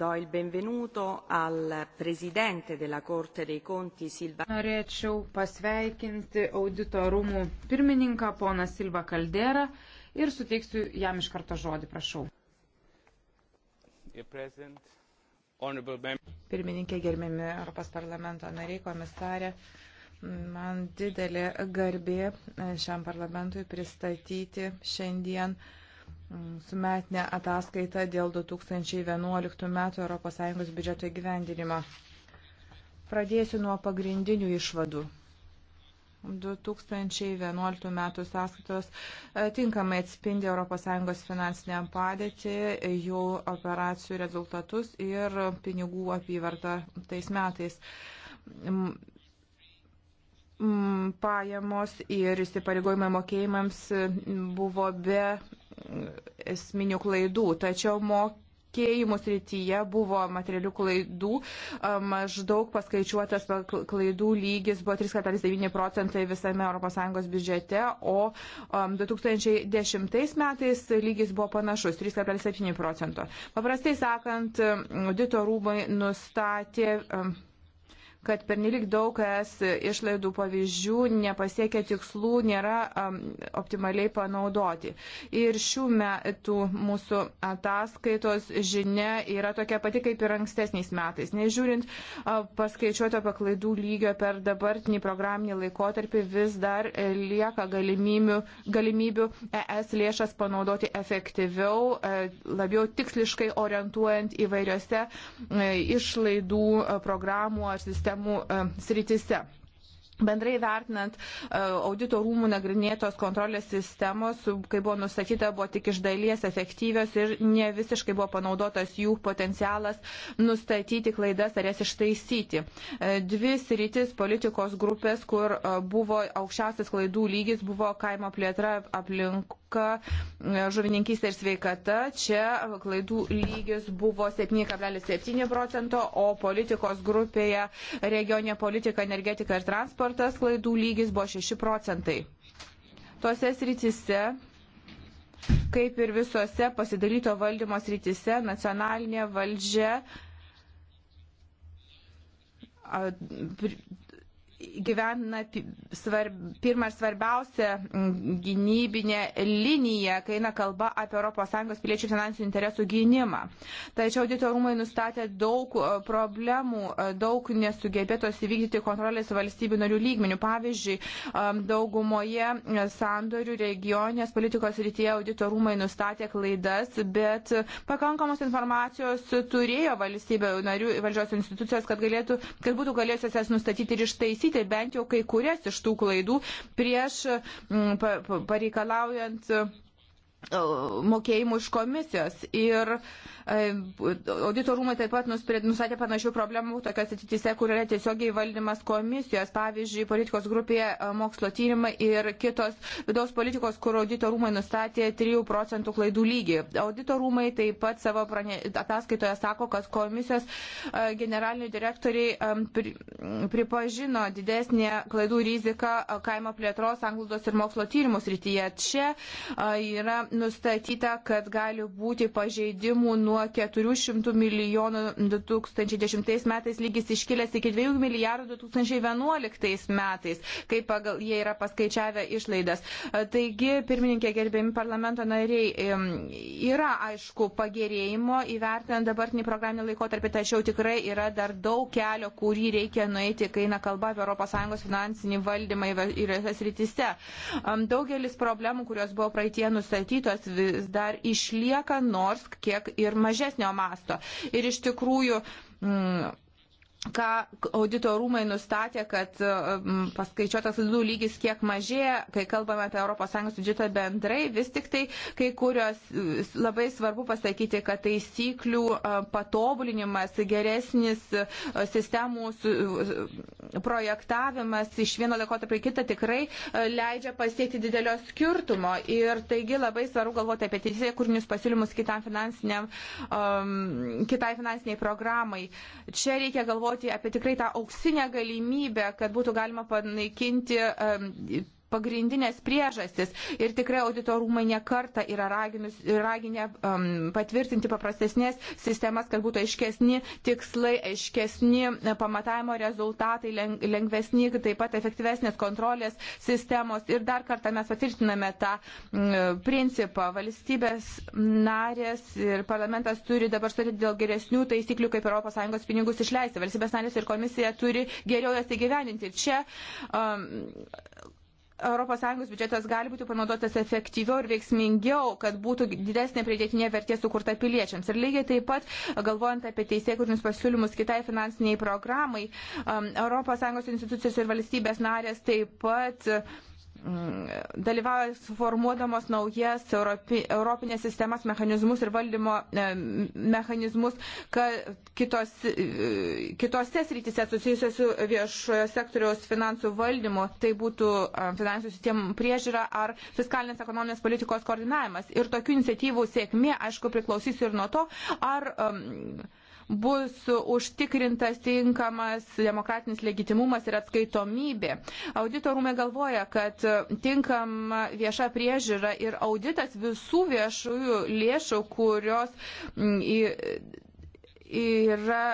Do il benvenuto al presidente della Corte dei Conti Silva. Norėčiau pasveikinti audito rūmų pirmininką poną Silva Kalderą ir suteiksiu jam iš karto žodį, prašau. Pirmininkė, gerbiami Europos parlamento nariai, komisarė, man didelė garbė šiam parlamentui pristatyti šiandien uh, su metinė ataskaita dėl 2011 m. ES biudžeto įgyvendinimo. Pradėsiu nuo pagrindinių išvadų. 2011 m. sąskaitos e, tinkamai atspindi ES finansinę padėtį, jų operacijų rezultatus ir pinigų apyvartą tais metais Mm, pajamos ir įsipareigojimai mokėjimams mm, buvo be mm, esminių klaidų. Tačiau mokėjimų srityje buvo materialių klaidų. Maždaug paskaičiuotas klaidų lygis buvo 3,9 procentai visame ES biudžete, o 2010 metais lygis buvo panašus - 3,7 procento. Paprastai sakant, audito rūmai nustatė kad pernelik daug es išlaidų pavyzdžių nepasiekia tikslų, nėra um, optimaliai panaudoti. Ir šių metų mūsų ataskaitos žinia yra tokia pati kaip ir ankstesniais metais. Nežiūrint uh, paskaičiuoto paklaidų lygio per dabartinį programinį laikotarpį vis dar e, lieka galimybių, galimybių ES lėšas panaudoti efektyviau, uh, labiau tiksliškai orientuojant įvairiose uh, išlaidų uh, programų ar sistemų sistemų e, sritise. Bendrai vertinant e, audito rūmų nagrinėtos kontrolės sistemos, kai buvo nustatyta, buvo tik iš dalies efektyvios ir ne visiškai buvo panaudotas jų potencialas nustatyti klaidas ar jas ištaisyti. E, dvi sritis politikos grupės, kur e, buvo aukščiausias klaidų lygis, buvo kaimo plėtra aplinka, žuvininkystė ir sveikata. Čia klaidų lygis buvo 7,7 procento, o politikos grupėje regionė politika, energetika ir transportas aptartas klaidų lygis buvo 6 procentai. Tose srityse, kaip ir visose pasidalyto valdymo srityse, nacionalinė valdžia gyvena svarb, pirmą ir svarbiausią gynybinę liniją, kai eina kalba apie ES piliečių finansinių interesų gynimą. Tačiau auditorumai nustatė daug e, problemų, e, daug nesugebėtos įvykdyti kontrolės valstybių narių lygmenių. Pavyzdžiui, e, daugumoje sandorių regionės politikos rytyje auditorumai nustatė klaidas, bet pakankamos informacijos turėjo valstybių narių valdžios institucijos, kad, galėtų, kad būtų galėjusios jas nustatyti ir ištaisyti ištaisyti bent jau kai kurias iš tų klaidų prieš pareikalaujant. Mm, pa, pa, mokėjimų iš komisijos. Ir e, audito rūmai taip pat nustatė panašių problemų tokiose titise, kur yra tiesiogiai valdymas komisijos. Pavyzdžiui, politikos grupėje e, mokslo tyrimai ir kitos vidaus politikos, kur audito rūmai nustatė 3 procentų klaidų lygį. Audito rūmai taip pat savo prane... ataskaitoje sako, kad komisijos e, generaliniai direktoriai pripažino didesnį klaidų riziką kaimo plėtros, anglodos ir mokslo tyrimų srityje. Čia yra nustatyta, kad gali būti pažeidimų nuo 400 milijonų 2010 metais lygis iškilęs iki 2 milijardų 2011 metais, kai pagal jie yra paskaičiavę išlaidas. Taigi, pirmininkė, gerbėmi parlamento nariai, yra aišku pagerėjimo įvertinant dabartinį programinį laikotarpį, tačiau tikrai yra dar daug kelio, kurį reikia nueiti, kai eina kalba apie ES finansinį valdymą įvairiose srityse. Daugelis problemų, kurios buvo praeitie nustatyti, numatytos vis dar išlieka, nors kiek ir mažesnio masto. Ir iš tikrųjų. Mm, ką audito rūmai nustatė, kad mm, paskaičiuotas klaidų lygis kiek mažėja, kai kalbame apie ES biudžetą bendrai, vis tik tai kai kurios mm, labai svarbu pasakyti, kad taisyklių mm, patobulinimas, geresnis sistemų projektavimas iš vieno laikotarpio į kitą tikrai e, leidžia pasiekti didelio skirtumo. Ir taigi labai svarbu galvoti apie teisėjų kūrinius pasiūlymus kitam finansiniam, um, kitai finansiniai programai. Čia reikia galvoti apie tikrai tą auksinę galimybę, kad būtų galima panaikinti um, pagrindinės priežastis. Ir tikrai auditorumai nekarta yra raginus, raginę um, patvirtinti paprastesnės sistemas, kad būtų aiškesni tikslai, aiškesni e, pamatavimo rezultatai, lengvesni, taip pat efektyvesnės kontrolės sistemos. Ir dar kartą mes patvirtiname tą um, principą. Valstybės narės ir parlamentas turi dabar sutarti dėl geresnių taisyklių, kaip ES pinigus išleisti. Valstybės narės ir komisija turi geriau jas įgyveninti. Čia um, ES biudžetas gali būti panaudotas efektyviau ir veiksmingiau, kad būtų didesnė pridėtinė vertė sukurta piliečiams. Ir lygiai taip pat, galvojant apie teisėkurinius pasiūlymus kitai finansiniai programai, um, ES institucijos ir valstybės narės taip pat Mm, dalyvauja formuodamos naujas Europi, europinės sistemas, mechanizmus ir valdymo e, mechanizmus, kad kitos, e, kitose srityse susijusios su viešojo sektoriaus finansų valdymu, tai būtų e, finansų sistemų priežiūra ar fiskalinės ekonominės politikos koordinavimas. Ir tokių iniciatyvų sėkmė, aišku, priklausys ir nuo to, ar um, bus užtikrintas tinkamas demokratinis legitimumas ir atskaitomybė. Audito rūmai galvoja, kad tinkama vieša priežiūra ir auditas visų viešųjų lėšų, kurios mm, yra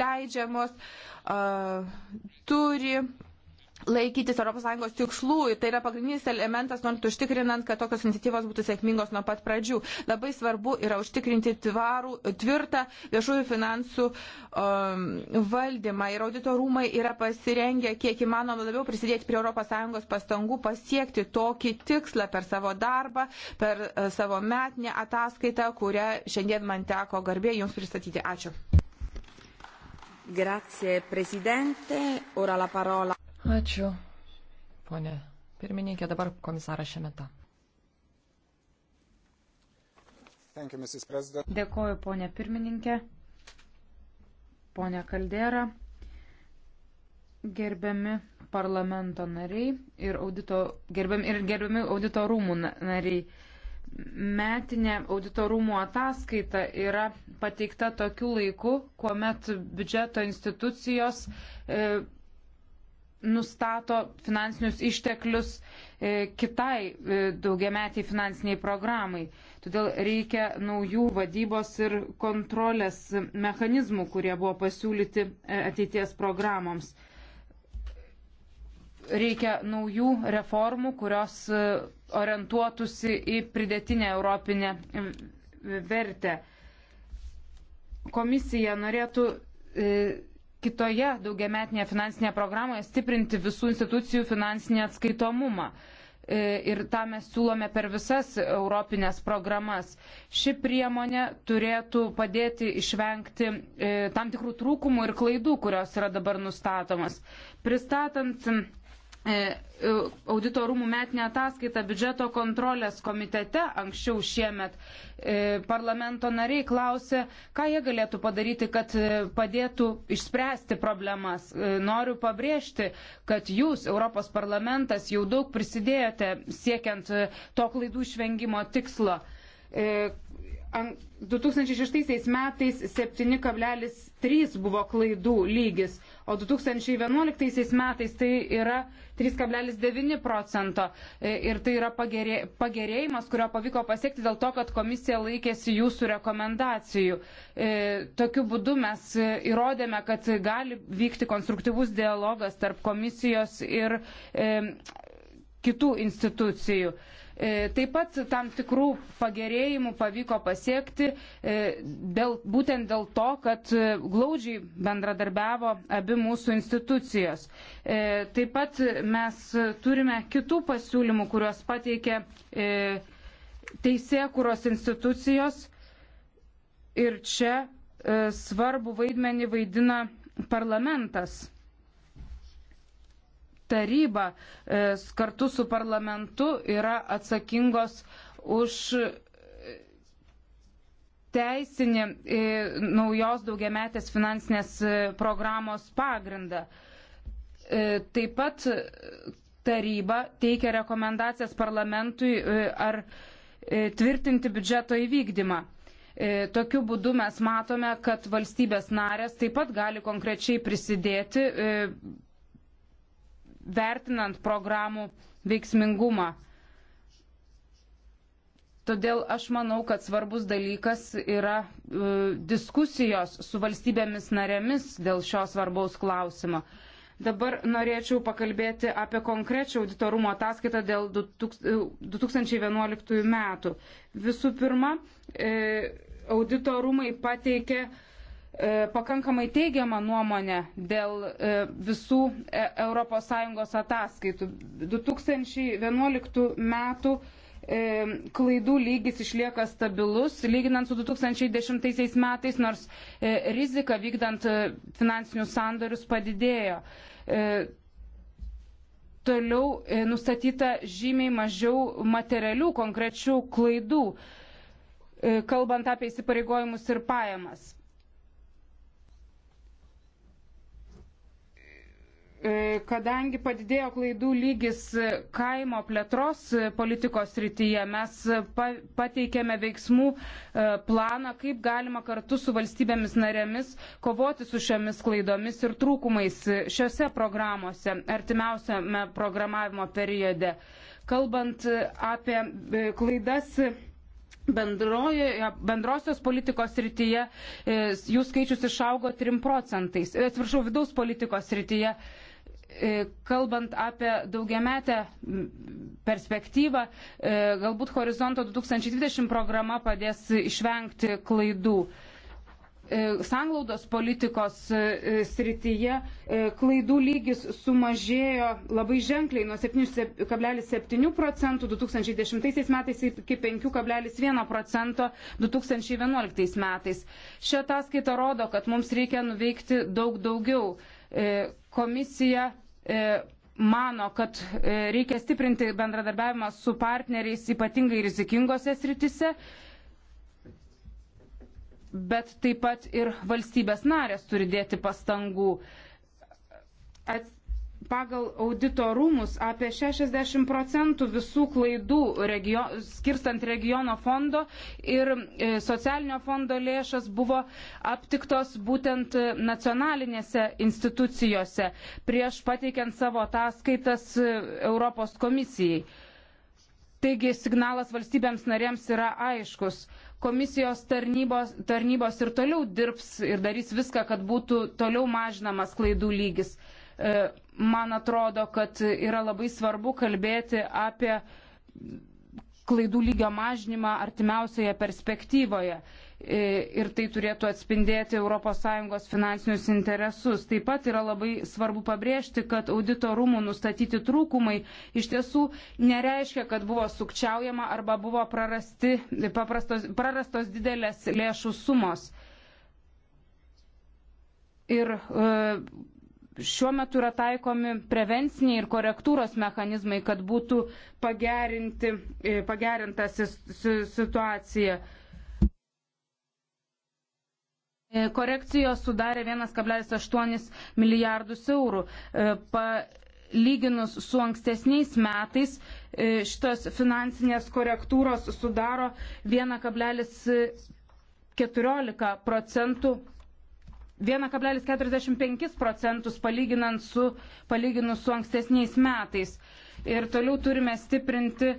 leidžiamos, turi laikytis ES tikslų ir tai yra pagrindinis elementas, norint užtikrinant, kad tokios iniciatyvos būtų sėkmingos nuo pat pradžių. Labai svarbu yra užtikrinti tvarų, tvirtą viešųjų finansų um, valdymą ir audito rūmai yra pasirengę kiek įmanoma labiau prisidėti prie ES pastangų pasiekti tokį tikslą per savo darbą, per uh, savo metinę ataskaitą, kurią šiandien man teko garbė Jums pristatyti. Ačiū. Grazie Presidente, ora la parola Ačiū, ponė pirmininkė. Dabar komisaras Šemeta. Dėkoju, ponė pirmininkė, ponė Kaldera, gerbiami parlamento nariai ir, audito, gerbiami, ir gerbiami audito rūmų nariai metinė auditorumo ataskaita yra pateikta tokiu laiku, kuomet biudžeto institucijos e, nustato finansinius išteklius e, kitai e, daugiametiai finansiniai programai. Todėl reikia naujų vadybos ir kontrolės mechanizmų, kurie buvo pasiūlyti e, ateities programoms. Reikia naujų reformų, kurios orientuotųsi į pridėtinę europinę vertę. Komisija norėtų kitoje daugiametinėje finansinėje programoje stiprinti visų institucijų finansinį atskaitomumą. E, ir tą mes siūlome per visas europinės programas. Ši priemonė turėtų padėti išvengti e, tam tikrų trūkumų ir klaidų, kurios yra dabar nustatomas. Pristatant E, e, auditorumų metinė ataskaita biudžeto kontrolės komitete anksčiau šiemet e, parlamento nariai klausė, ką jie galėtų padaryti, kad padėtų išspręsti problemas. Noriu pabrėžti, kad jūs, Europos parlamentas, jau daug prisidėjote siekiant to klaidų išvengimo tikslo 2006 metais 7,3 buvo klaidų lygis, o 2011 metais tai yra 3,9 procento. E, ir tai yra pagerė, pagerėjimas, kurio pavyko pasiekti dėl to, kad komisija laikėsi jūsų rekomendacijų. E, tokiu būdu mes įrodėme, kad gali vykti konstruktyvus dialogas tarp komisijos ir e, kitų institucijų. E, taip pat tam tikrų pagerėjimų pavyko pasiekti e, dėl, būtent dėl to, kad e, glaudžiai bendradarbiavo abi mūsų institucijos. Taip pat mes turime kitų pasiūlymų, kuriuos pateikė teisėkuros institucijos ir čia svarbu vaidmenį vaidina parlamentas taryba e, kartu su parlamentu yra atsakingos už teisinį e, naujos daugiametės finansinės e, programos pagrindą. Taip pat taryba teikia rekomendacijas parlamentui ar tvirtinti biudžeto įvykdymą. Tokiu būdu mes matome, kad valstybės narės taip pat gali konkrečiai prisidėti vertinant programų veiksmingumą. Todėl aš manau, kad svarbus dalykas yra e, diskusijos su valstybėmis narėmis dėl šio svarbaus klausimo. Dabar norėčiau pakalbėti apie konkrečią auditorumo ataskaitą dėl 2011 e, metų. Visų pirma, e, auditorumai pateikė E, pakankamai teigiamą nuomonę dėl e, visų ES ataskaitų. 2011 metų e, klaidų lygis išlieka stabilus, lyginant su 2010 metais, nors rizika vykdant finansinius sandorius padidėjo. Toliau nustatyta žymiai mažiau materialių konkrečių klaidų, kalbant apie įsipareigojimus ir pajamas E, kadangi padidėjo klaidų lygis kaimo plėtros politikos rytyje, mes pateikėme veiksmų e, planą, kaip galima kartu su valstybėmis narėmis kovoti su šiomis klaidomis ir trūkumais šiuose programuose, artimiausiame programavimo periode. Kalbant e, apie klaidas bendroje, bendrosios politikos srityje e, jų skaičius išaugo 3 procentais. E, atsiprašau, vidaus politikos srityje. E, kalbant apie daugiametę perspektyvą, galbūt Horizonto 2020 programa padės išvengti klaidų. E, sanglaudos politikos e, e, srityje klaidų lygis sumažėjo labai ženkliai nuo 7,7 procentų 2010 metais iki 5,1 procento 2011 metais. Šią ataskaitą rodo, kad mums reikia nuveikti daug daugiau. Komisija mano, kad reikia stiprinti bendradarbiavimą su partneriais ypatingai rizikingose sritise bet taip pat ir valstybės narės turi dėti pastangų. At, pagal audito rūmus apie 60 procentų visų klaidų regio, skirstant regiono fondo ir e, socialinio fondo lėšas buvo aptiktos būtent e, nacionalinėse institucijose prieš pateikiant savo ataskaitas e, Europos komisijai. Taigi signalas valstybėms narėms yra aiškus komisijos tarnybos, tarnybos ir toliau dirbs ir darys viską, kad būtų toliau mažinamas klaidų lygis. E, man atrodo, kad yra labai svarbu kalbėti apie klaidų lygio mažinimą artimiausioje perspektyvoje. E, ir tai turėtų atspindėti ES finansinius interesus. Taip pat yra labai svarbu pabrėžti, kad audito rūmų nustatyti trūkumai iš tiesų nereiškia, kad buvo sukčiaujama arba buvo prarasti, paprastos, prarastos didelės lėšų sumos. Ir e, šiuo metu yra taikomi prevenciniai ir korektūros mechanizmai, kad būtų pagerinti, e, pagerinta situacija. E, korekcijos sudarė 1,8 milijardus eurų. E, palyginus su ankstesniais metais e, šitos finansinės korektūros sudaro 1,14 procentų 1,45 procentus palyginant su, palyginus su ankstesniais metais. Ir toliau turime stiprinti e,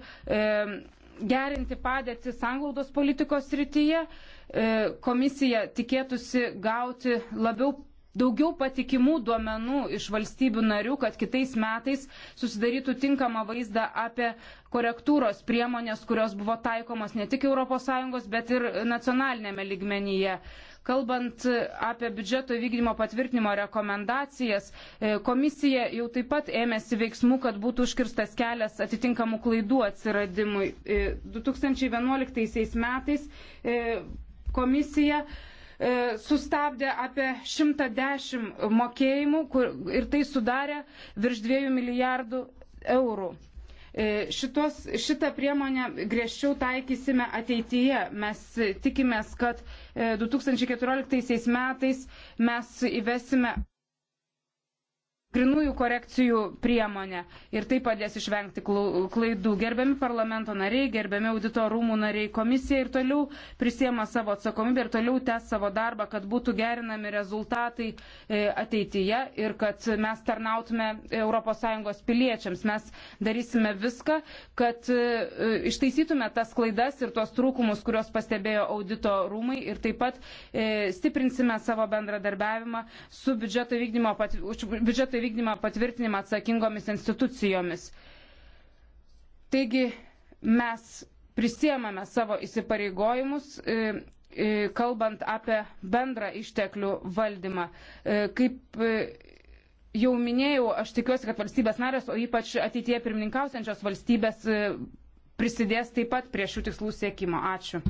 gerinti padėtį sanglaudos politikos srityje. E, komisija tikėtųsi gauti labiau daugiau patikimų duomenų iš valstybių narių, kad kitais metais susidarytų tinkamą vaizdą apie korektūros priemonės, kurios buvo taikomos ne tik ES, bet ir nacionalinėme ligmenyje. Kalbant apie biudžeto įvykdymo patvirtinimo rekomendacijas, e, komisija jau taip pat ėmėsi veiksmų, kad būtų užkirstas kelias atitinkamų klaidų atsiradimui. 2011 e, metais e, komisija sustabdė apie 110 mokėjimų ir tai sudarė virš 2 milijardų eurų. E, šitos, šitą priemonę griežčiau taikysime ateityje. Mes tikimės, kad 2014 e, metais mes įvesime grinųjų korekcijų priemonę ir tai padės išvengti klaidų. Gerbiami parlamento nariai, gerbiami audito rūmų nariai, komisija ir toliau prisiema savo atsakomybę ir toliau tęs savo darbą, kad būtų gerinami rezultatai e, ateityje ir kad mes tarnautume ES piliečiams. Mes darysime viską, kad e, ištaisytume tas klaidas ir tuos trūkumus, kuriuos pastebėjo audito rūmai ir taip pat e, stiprinsime savo bendradarbiavimą su biudžeto vykdymo, biudžeto vykdymo vykdymą patvirtinimą atsakingomis institucijomis. Taigi mes prisiemame savo įsipareigojimus, e, e, kalbant apie bendrą išteklių valdymą. E, kaip jau minėjau, aš tikiuosi, kad valstybės narės, o ypač ateitie pirmininkausiančios valstybės prisidės taip pat prie šių tikslų siekimo. Ačiū.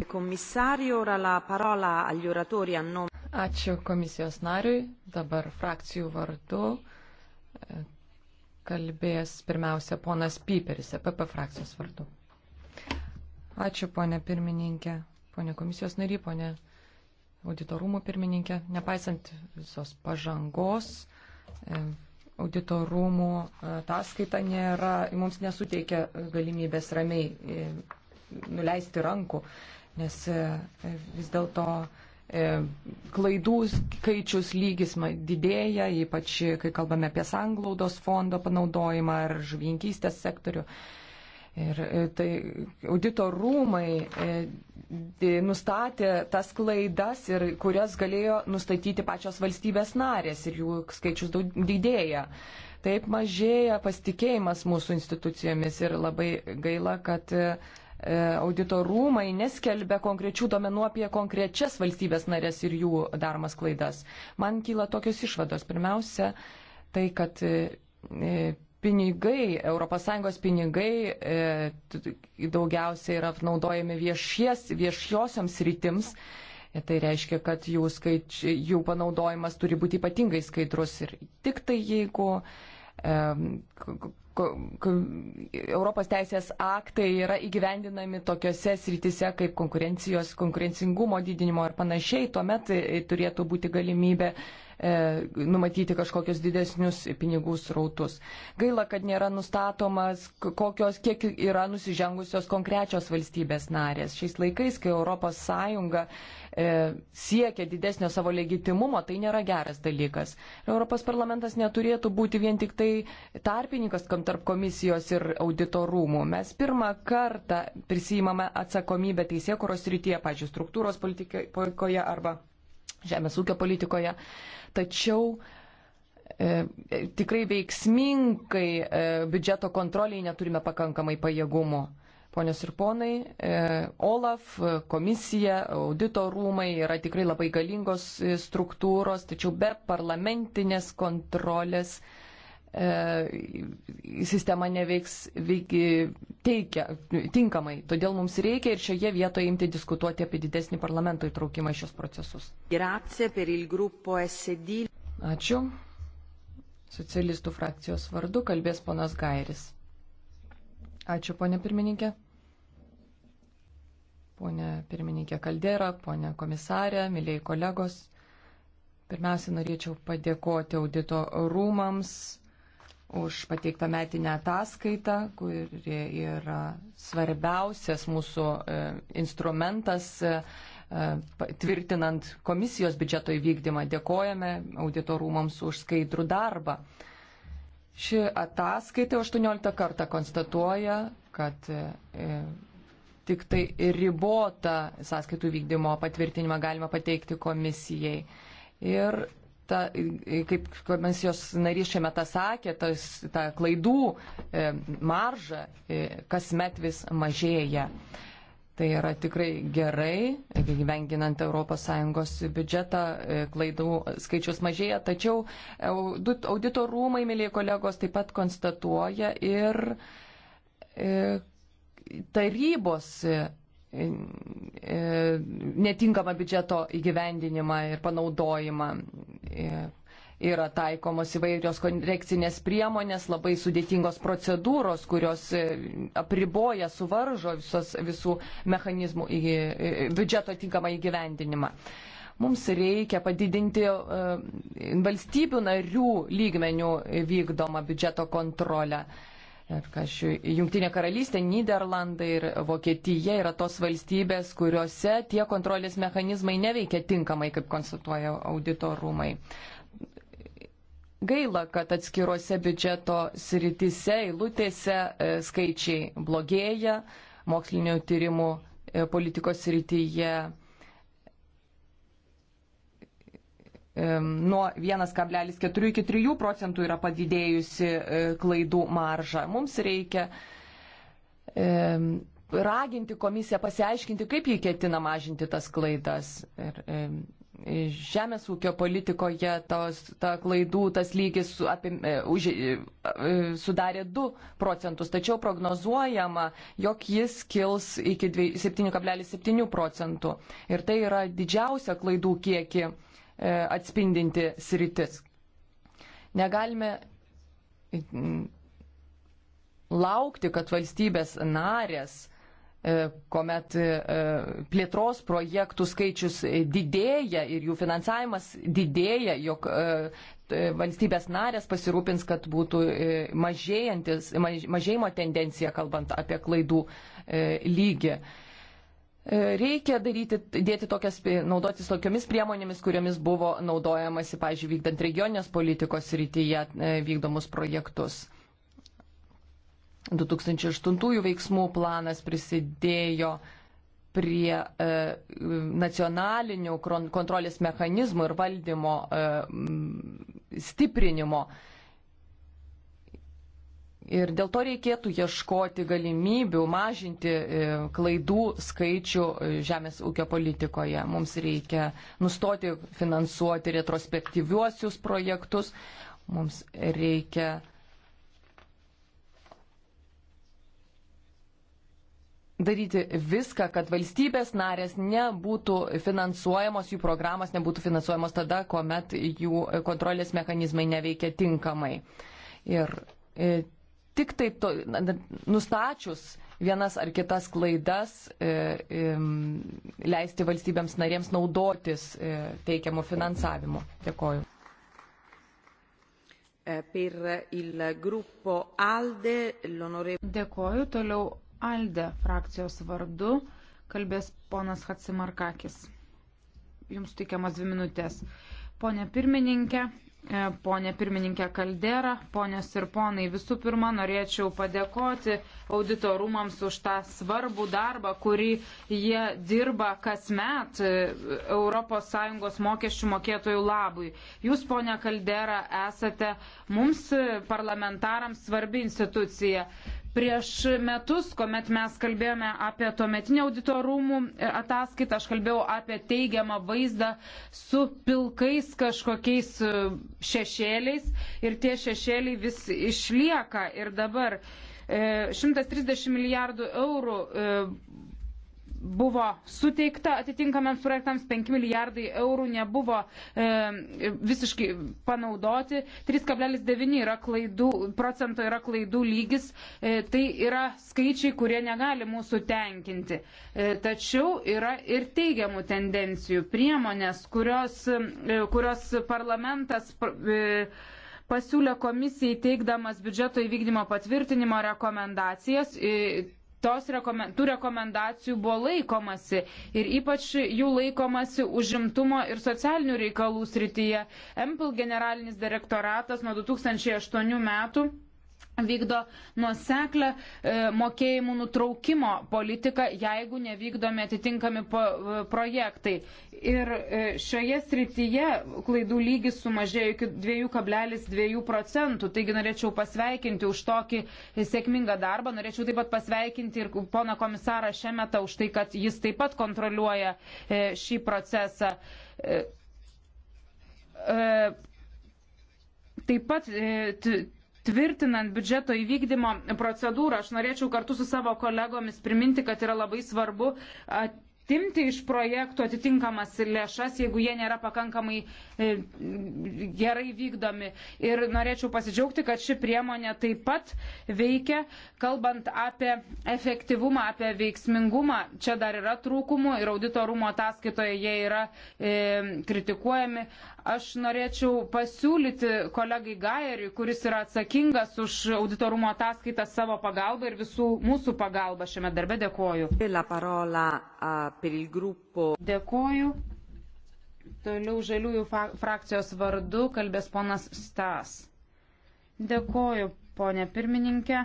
Ačiū komisijos nariui. Dabar frakcijų vardu kalbės pirmiausia ponas Piperis, EPP frakcijos vardu. Ačiū, ponė pirmininkė, ponė komisijos nary, ponė auditorumų pirmininkė. Nepaisant visos pažangos, e, auditorumų ataskaita nėra, mums nesuteikia galimybės ramiai e, nuleisti rankų, nes e, vis dėlto E, klaidų skaičius lygis didėja, ypač kai kalbame apie sanglaudos fondo panaudojimą ar žuvinkystės sektorių. Ir e, tai audito rūmai e, nustatė tas klaidas, ir, kurias galėjo nustatyti pačios valstybės narės ir jų skaičius didėja. Taip mažėja pasitikėjimas mūsų institucijomis ir labai gaila, kad E, auditorumai neskelbia konkrečių domenų apie konkrečias valstybės narės ir jų daromas klaidas. Man kyla tokios išvados. Pirmiausia, tai, kad e, e, pinigai, ES pinigai daugiausiai yra naudojami viešies, viešiosioms rytims. Tai reiškia, kad jų, skaič, jų panaudojimas turi būti ypatingai skaidrus ir tik tai jeigu Europos teisės aktai yra įgyvendinami tokiose sritise kaip konkurencijos, konkurencingumo didinimo ir panašiai, tuomet e, turėtų būti galimybė E, numatyti kažkokius didesnius pinigų srautus. Gaila, kad nėra nustatomas, kokios, kiek yra nusižengusios konkrečios valstybės narės. Šiais laikais, kai ES e, siekia didesnio savo legitimumo, tai nėra geras dalykas. Europos parlamentas neturėtų būti vien tik tai tarpininkas tarp komisijos ir auditorumų. Mes pirmą kartą prisijimame atsakomybę teisėkuros rytyje, pačios struktūros politikoje arba žemės ūkio politikoje. Tačiau e, e tikrai veiksmingai e, biudžeto kontroliai neturime pakankamai pajėgumų. Ponios ir ponai, e, OLAF, e, komisija, audito rūmai yra tikrai labai galingos e, struktūros, tačiau be parlamentinės kontrolės e, E, sistema neveiks veiki, teikia, tinkamai. Todėl mums reikia ir šioje vietoje imti diskutuoti apie didesnį parlamento įtraukimą į šios procesus. Ačiū. Socialistų frakcijos vardu kalbės ponas Gairis. Ačiū, ponė pirmininkė. Pone pirmininkė Kaldera, ponė komisarė, mėlyjei kolegos. Pirmiausia, norėčiau padėkoti audito rūmams, už pateiktą metinę ataskaitą, kuri yra svarbiausias mūsų e, instrumentas e, e, tvirtinant komisijos biudžeto įvykdymą. Dėkojame auditorumams už skaidrų darbą. Ši ataskaita 18 kartą konstatuoja, kad tik tai ribotą sąskaitų vykdymo patvirtinimą galima pateikti komisijai. Ir ta, kaip komisijos narys šiame tą sakė, tas, ta klaidų e, marža e, kasmet vis mažėja. Tai yra tikrai gerai, gyvenginant ES biudžetą, e, klaidų skaičius mažėja, tačiau audito rūmai, mėlyje kolegos, taip pat konstatuoja ir tarybos E, netinkamą biudžeto įgyvendinimą ir panaudojimą. E, yra taikomos įvairios korekcinės priemonės, labai sudėtingos procedūros, kurios e, apriboja, suvaržo visos, visų mechanizmų į, biudžeto tinkamą įgyvendinimą mums reikia padidinti valstybių narių lygmenių vykdomą biudžeto kontrolę. Ir, kažkaip, Jungtinė karalystė, Niderlandai ir Vokietija yra tos valstybės, kuriuose tie kontrolės mechanizmai neveikia tinkamai, kaip konstatuoja auditorumai. Gaila, kad atskiruose biudžeto sritise, eilutėse e, skaičiai blogėja, mokslinio tyrimų e, politikos srityje nuo 1,4 iki 3 procentų yra padidėjusi e, klaidų marža. Mums reikia raginti komisiją pasiaiškinti, kaip jį ketina mažinti tas klaidas. Ir, žemės ūkio politikoje tos, ta klaidų tas lygis su, apim, e, už, e, sudarė 2 procentus, tačiau prognozuojama, jog jis kils iki 7,7 procentų. Ir tai yra didžiausia klaidų kiekį E, atspindinti sritis. Negalime mm, laukti, kad valstybės narės e, kuomet e, plėtros projektų skaičius didėja ir jų finansavimas didėja, jog valstybės narės pasirūpins, kad būtų mažėjantis, mažėjimo tendencija, kalbant apie klaidų lygį. Reikia daryti, dėti tokias, naudotis tokiamis priemonėmis, kuriomis buvo naudojamasi, pažiūrėjau, vykdant regionės politikos rytyje e, vykdomus projektus. 2008 veiksmų planas prisidėjo prie e, nacionalinių kontrolės mechanizmų ir valdymo e, stiprinimo. E, Ir dėl to reikėtų ieškoti galimybių mažinti e, klaidų skaičių e, žemės ūkio politikoje. Mums reikia nustoti finansuoti retrospektyviuosius projektus, mums reikia. Daryti viską, kad valstybės narės nebūtų finansuojamos, jų programos nebūtų finansuojamos tada, kuomet jų kontrolės mechanizmai neveikia tinkamai. Ir e, tik taip to, nustačius vienas ar kitas klaidas e, e, leisti valstybėms narėms naudotis e, teikiamu finansavimu. Dėkoju. E, Alde, Dėkoju. Toliau Alde frakcijos vardu kalbės ponas Hatsimarkakis. Jums teikiamas dvi minutės. Pone pirmininkė, E, Pone pirmininkė Kaldera, ponios ir ponai, visų pirma, norėčiau padėkoti auditorumams už tą svarbų darbą, kurį jie dirba kasmet ES mokesčių mokėtojų labui. Jūs, ponia Kaldera, esate mums parlamentarams svarbi institucija. Prieš metus, kuomet mes kalbėjome apie tuometinį auditorumų ataskaitą, aš kalbėjau apie teigiamą vaizdą su pilkais kažkokiais e, šešėliais ir tie šešėliai vis išlieka ir dabar. 130 e, milijardų eurų e, buvo suteikta atitinkamiems projektams, 5 milijardai eurų nebuvo e, visiškai panaudoti, 3,9 yra klaidų, procento yra klaidų lygis, e, tai yra skaičiai, kurie negali mūsų tenkinti. E, tačiau yra ir teigiamų tendencijų, priemonės, kurios, e, kurios parlamentas. E, pasiūlė komisijai teikdamas biudžeto įvykdymo patvirtinimo rekomendacijas, e, tos rekomen, tų rekomendacijų buvo laikomasi ir ypač jų laikomasi užimtumo ir socialinių reikalų srityje. MPL generalinis direktoratas nuo 2008 metų vykdo nuoseklę e, mokėjimų nutraukimo politiką, jeigu nevykdomi atitinkami po, e, projektai. Ir e, šioje srityje klaidų lygis sumažėjo iki 2,2 procentų. Taigi norėčiau pasveikinti už tokį sėkmingą darbą. Norėčiau taip pat pasveikinti ir poną komisarą Šemetą už tai, kad jis taip pat kontroliuoja e, šį procesą. E, e, taip pat. E, t, tvirtinant biudžeto įvykdymo procedūrą, aš norėčiau kartu su savo kolegomis priminti, kad yra labai svarbu atimti iš projektų atitinkamas lėšas, jeigu jie nėra pakankamai e, gerai vykdomi. Ir norėčiau pasidžiaugti, kad ši priemonė taip pat veikia, kalbant apie efektyvumą, apie veiksmingumą. Čia dar yra trūkumų ir auditorumo ataskaitoje jie yra e, kritikuojami. Aš norėčiau pasiūlyti kolegai Gaeriui, kuris yra atsakingas už auditorumo ataskaitą savo pagalbą ir visų mūsų pagalbą šiame darbe. Dėkuoju. La parola, uh... Dėkoju. Toliau žaliųjų frakcijos vardu kalbės ponas Stas. Dėkoju, ponė pirmininkė,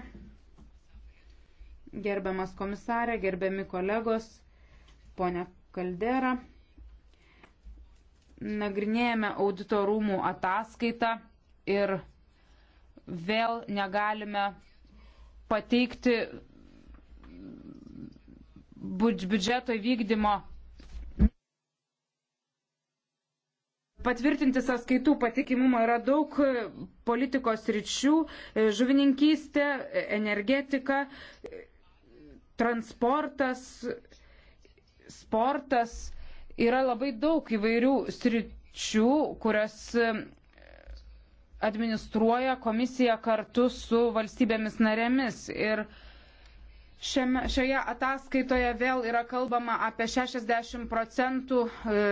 gerbiamas komisarė, gerbiami kolegos, ponė Kaldera. Nagrinėjame audito rūmų ataskaitą ir vėl negalime pateikti biudžeto įvykdymo patvirtinti sąskaitų patikimumą yra daug politikos ryčių e, - žuvininkystė, e, energetika, e, transportas, sportas. Yra labai daug įvairių sričių, kurias administruoja komisija kartu su valstybėmis narėmis. Ir uh, Šiame, šioje ataskaitoje vėl yra kalbama apie 60 procentų e,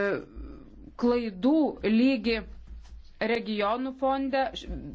klaidų lygį regionų fonde,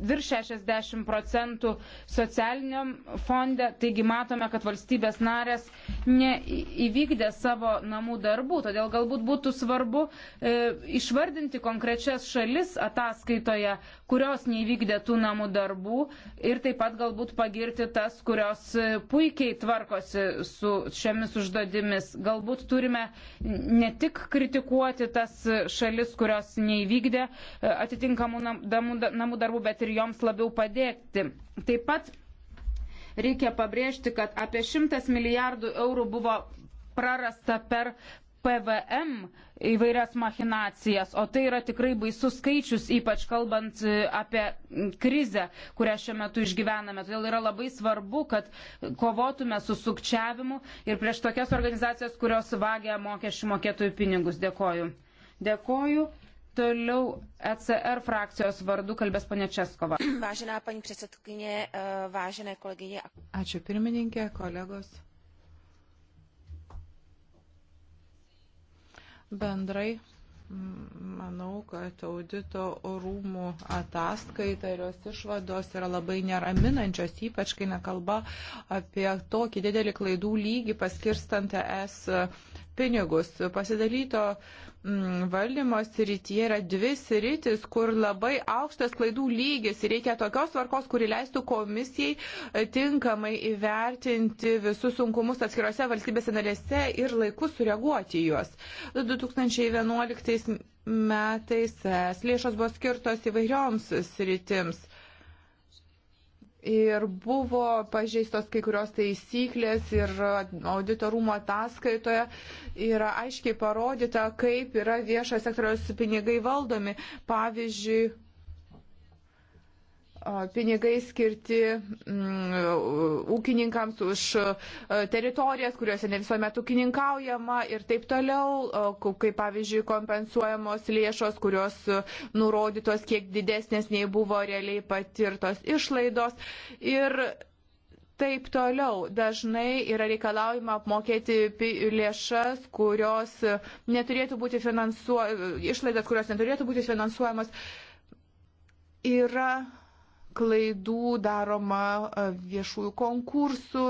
virš 60 procentų socialiniam fonde. Taigi matome, kad valstybės narės neįvykdė savo namų darbų. Todėl galbūt būtų svarbu e, išvardinti konkrečias šalis ataskaitoje, kurios neįvykdė tų namų darbų ir taip pat galbūt pagirti tas, kurios e, puikiai tvarkosi su šiomis užduodimis. Galbūt turime ne tik kritikuoti tas šalis, kurios neįvykdė e, atitinkamų tinkamų namų darbų, bet ir joms labiau padėti. Taip pat reikia pabrėžti, kad apie 100 milijardų eurų buvo prarasta per PVM įvairias machinacijas, o tai yra tikrai baisus skaičius, ypač kalbant e, apie krizę, kurią šiuo metu išgyvename. Todėl yra labai svarbu, kad kovotume su sukčiavimu ir prieš tokias organizacijas, kurios vagia mokesčių mokėtojų pinigus. Dėkoju. Dėkoju. Toliau ECR frakcijos vardu kalbės ponė Českova. Vážená paní předsedkyně, eh, vážené kolegyně. Ačiū pirmininkė, kolegos. Bendrai Manau, kad audito rūmų ataskaita ir jos išvados yra labai neraminančios, ypač kai nekalba apie tokį didelį klaidų lygį paskirstant es pinigus. Pasidalyto mm, valdymo srityje yra dvi sritis, kur labai aukštas klaidų lygis ir reikia tokios tvarkos, kuri leistų komisijai e, tinkamai įvertinti visus sunkumus atskirose valstybėse narėse ir laiku sureaguoti į juos. 2011 metais e, lėšos buvo skirtos įvairioms sritims Ir buvo pažeistos kai kurios taisyklės ir auditorumo ataskaitoje yra aiškiai parodyta, kaip yra viešo sektoriaus pinigai valdomi. Pavyzdžiui, pinigai skirti mm, ūkininkams už teritorijas, kuriuose ne visuomet ūkininkaujama ir taip toliau, kaip pavyzdžiui kompensuojamos lėšos, kurios nurodytos kiek didesnės nei buvo realiai patirtos išlaidos. Ir taip toliau. Dažnai yra reikalaujama apmokėti lėšas, kurios neturėtų būti finansuojamos, išlaidas, kurios neturėtų būti finansuojamos. Yra klaidų daroma e, viešųjų konkursų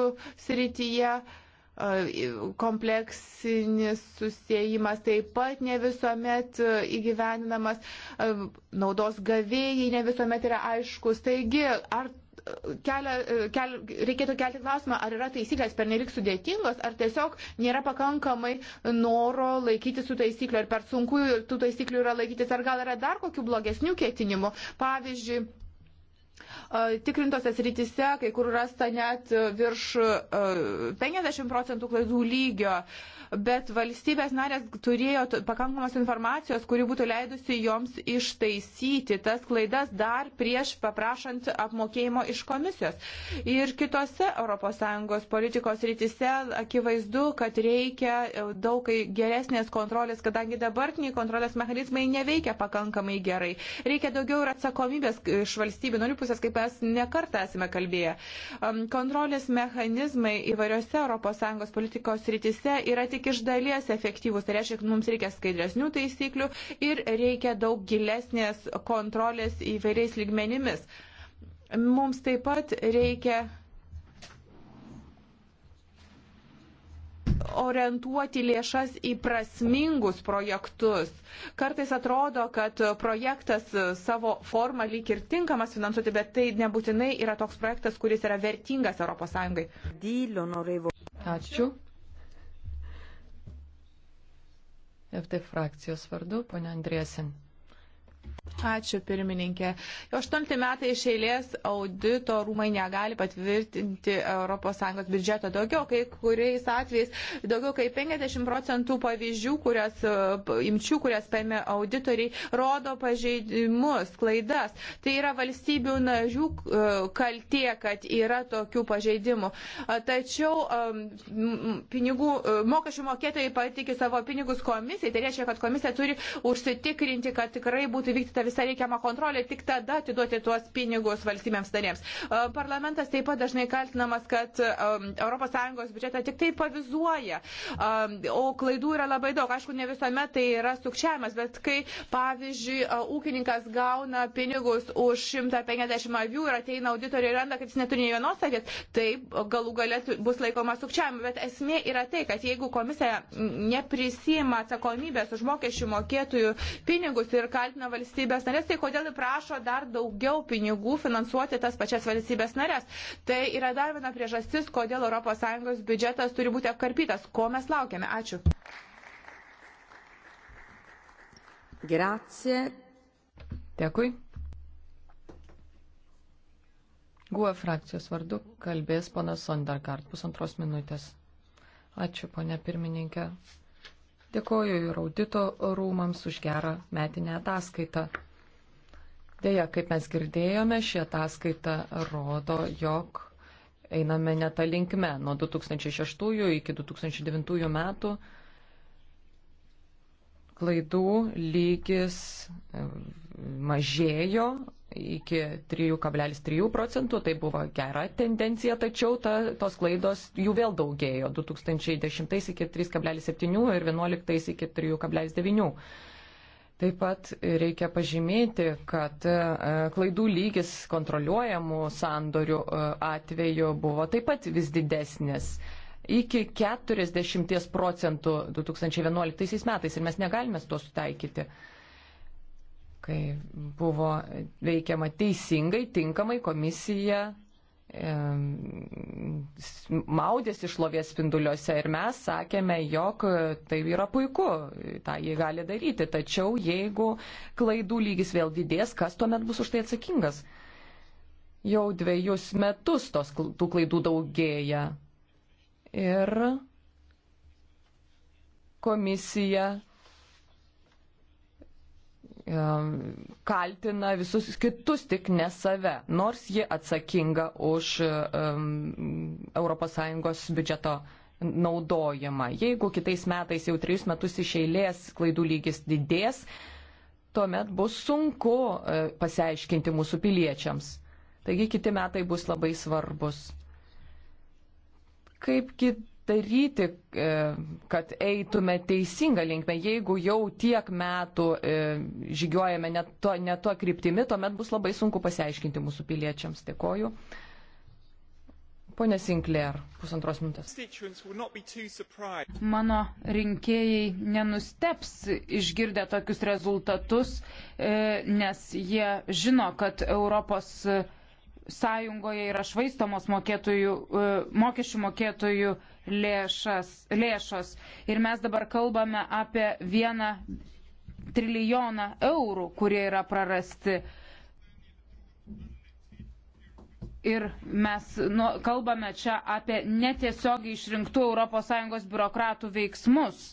srityje e, kompleksinis susijimas taip pat ne visuomet e, įgyvendinamas, naudos gavėjai ne visuomet yra aiškus. Taigi, ar kelia, kel, reikėtų kelti klausimą, ar yra taisyklės pernelik sudėtingos, ar tiesiog nėra pakankamai noro laikytis tų taisyklių, ar per sunku tų taisyklių yra laikytis, ar gal yra dar kokių blogesnių ketinimų. Pavyzdžiui, tikrintose srityse, kai kur rasta net virš 50 procentų klaidų lygio bet valstybės narės turėjo pakankamos informacijos, kuri būtų leidusi joms ištaisyti tas klaidas dar prieš paprašant apmokėjimo iš komisijos. Ir kitose ES politikos rytise akivaizdu, kad reikia e, daug geresnės kontrolės, kadangi dabartiniai kontrolės mechanizmai neveikia pakankamai gerai. Reikia daugiau ir atsakomybės iš valstybių narių pusės, kaip mes nekartą esame kalbėję. Kontrolės mechanizmai įvairiose ES politikos rytise yra tik iš dalies efektyvus. Tai reiškia, kad mums reikia skaidresnių taisyklių ir reikia daug gilesnės kontrolės įvairiais lygmenimis. Mums taip pat reikia orientuoti lėšas į prasmingus projektus. Kartais atrodo, kad projektas savo formą lyg ir tinkamas finansuoti, bet tai nebūtinai yra toks projektas, kuris yra vertingas ES. Ačiū. FD frakcijos vardu, ponia Andriesin. Ačiū pirmininkė. Jau 18 metai iš eilės audito rūmai negali patvirtinti ES biudžeto. Daugiau kai kuriais atvejais, daugiau kaip 50 procentų pavyzdžių, kurias, e, imčių, kurias paėmė auditoriai, rodo pažeidimus, klaidas. Tai yra valstybių nažių e, kaltė, kad yra tokių pažeidimų. Tačiau e, pinigų, mokesčių mokėtojai patikė savo pinigus komisijai. Tai reiškia, kad komisija turi užsitikrinti, kad tikrai būtų vykdyti padaryti tą visą reikiamą kontrolę, tik tada atiduoti tuos pinigus valstybėms narėms. E, Parlamentas taip pat dažnai kaltinamas, kad ES biudžetą tik tai pavizuoja, e, o klaidų yra labai daug. Aišku, ne visuomet tai yra sukčiavimas, bet kai, pavyzdžiui, e, ūkininkas gauna pinigus už 150 avių ir ateina auditoriai ir randa, kad jis neturi nei vienos avies, tai galų galia bus laikoma sukčiavimu. Bet esmė yra tai, kad jeigu komisija neprisima atsakomybės už mokesčių mokėtojų pinigus ir kaltina valstybę, valstybės narės, tai kodėl prašo dar daugiau pinigų finansuoti tas pačias valstybės narės. Tai yra dar viena priežastis, kodėl ES biudžetas turi būti apkarpytas. Ko mes laukiame? Ačiū. Grazie. Dėkui. GUE frakcijos vardu kalbės ponas Sondergaard pusantros minutės. Ačiū, ponia pirmininkė. Dėkoju ir audito rūmams už gerą metinę ataskaitą. Deja, kaip mes girdėjome, ši ataskaita rodo, jog einame ne tą linkmę. Nuo 2006 iki 2009 metų klaidų lygis mažėjo, iki 3,3 procentų, tai buvo gera tendencija, tačiau ta, tos klaidos jų vėl daugėjo 2010 iki 3,7 ir 2011 iki 3,9. Taip pat reikia pažymėti, kad e, klaidų lygis kontroliuojamų sandorių e, atveju buvo taip pat vis didesnis iki 40 procentų 2011 metais ir mes negalime su to sutaikyti kai buvo veikiama teisingai, tinkamai komisija e, maudėsi šlovės spinduliuose ir mes sakėme, jog tai yra puiku, tą jie gali daryti, tačiau jeigu klaidų lygis vėl didės, kas tuomet bus už tai atsakingas? Jau dviejus metus tos, tų klaidų daugėja ir komisija kaltina visus kitus, tik ne save, nors ji atsakinga už ES biudžeto naudojimą. Jeigu kitais metais jau trejus metus iš eilės klaidų lygis didės, tuomet bus sunku e, pasiaiškinti mūsų piliečiams. Taigi kiti metai bus labai svarbus. Kaipgi daryti, e, kad eitume teisinga linkme. Jeigu jau tiek metų e, žygiuojame ne to, ne to kryptimi, tuomet bus labai sunku pasiaiškinti mūsų piliečiams. Dėkoju. Pone Sinclair, pusantros minutės. Mano rinkėjai nenusteps išgirdę tokius rezultatus, e, nes jie žino, kad Europos sąjungoje yra švaistomos mokėtojų, mokesčių mokėtojų lėšas, lėšos. Ir mes dabar kalbame apie vieną trilijoną eurų, kurie yra prarasti. Ir mes nu, kalbame čia apie netiesiogiai išrinktų ES biurokratų veiksmus.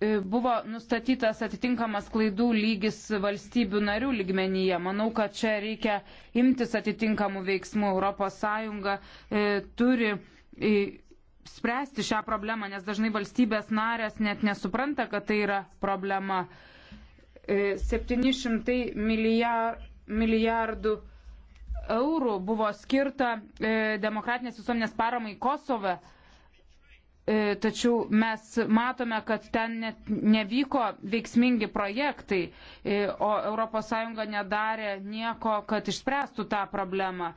E, buvo nustatytas atitinkamas klaidų lygis valstybių narių lygmenyje. Manau, kad čia reikia imtis atitinkamų veiksmų. ES e, turi e, spręsti šią problemą, nes dažnai valstybės narės net nesupranta, kad tai yra problema. 700 milijardų eurų buvo skirta demokratinės visuomenės paramai Kosove. E, tačiau mes matome, kad ten net nevyko veiksmingi projektai, e, o ES nedarė nieko, kad išspręstų tą problemą.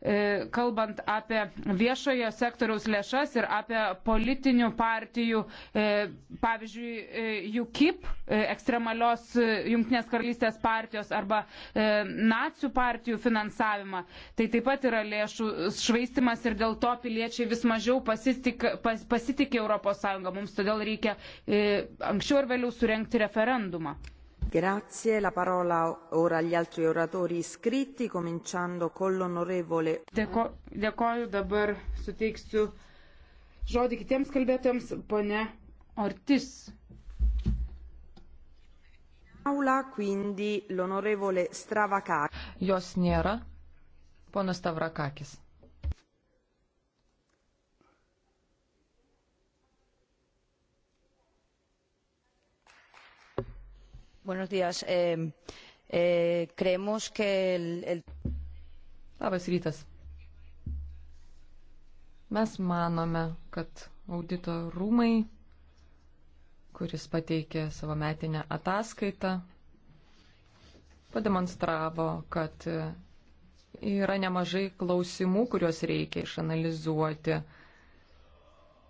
E, kalbant apie viešojo sektoriaus lėšas ir apie politinių partijų, e, pavyzdžiui, e, UKIP, ekstremalios Junktinės karalystės partijos arba nacijų partijų finansavimą. Tai taip pat yra lėšų švaistimas ir dėl to piliečiai vis mažiau pasitikė pas, pasitik ES. Mums todėl reikia anksčiau ar vėliau surenkti referendumą. Grazie, la parola ora agli altri oratori iscritti, cominciando con l'onorevole. Dėko, dėkoju, dabar suteiksiu žodį kitiems kalbėtojams, pone Ortis. Aula, quindi l'onorevole Stravakakis. Jos nėra, ponas Stavrakakis. Buenos días. Eh, eh, creemos que el, el... Labas rytas. Mes manome, kad audito rūmai, kuris pateikė savo metinę ataskaitą, pademonstravo, kad yra nemažai klausimų, kuriuos reikia išanalizuoti.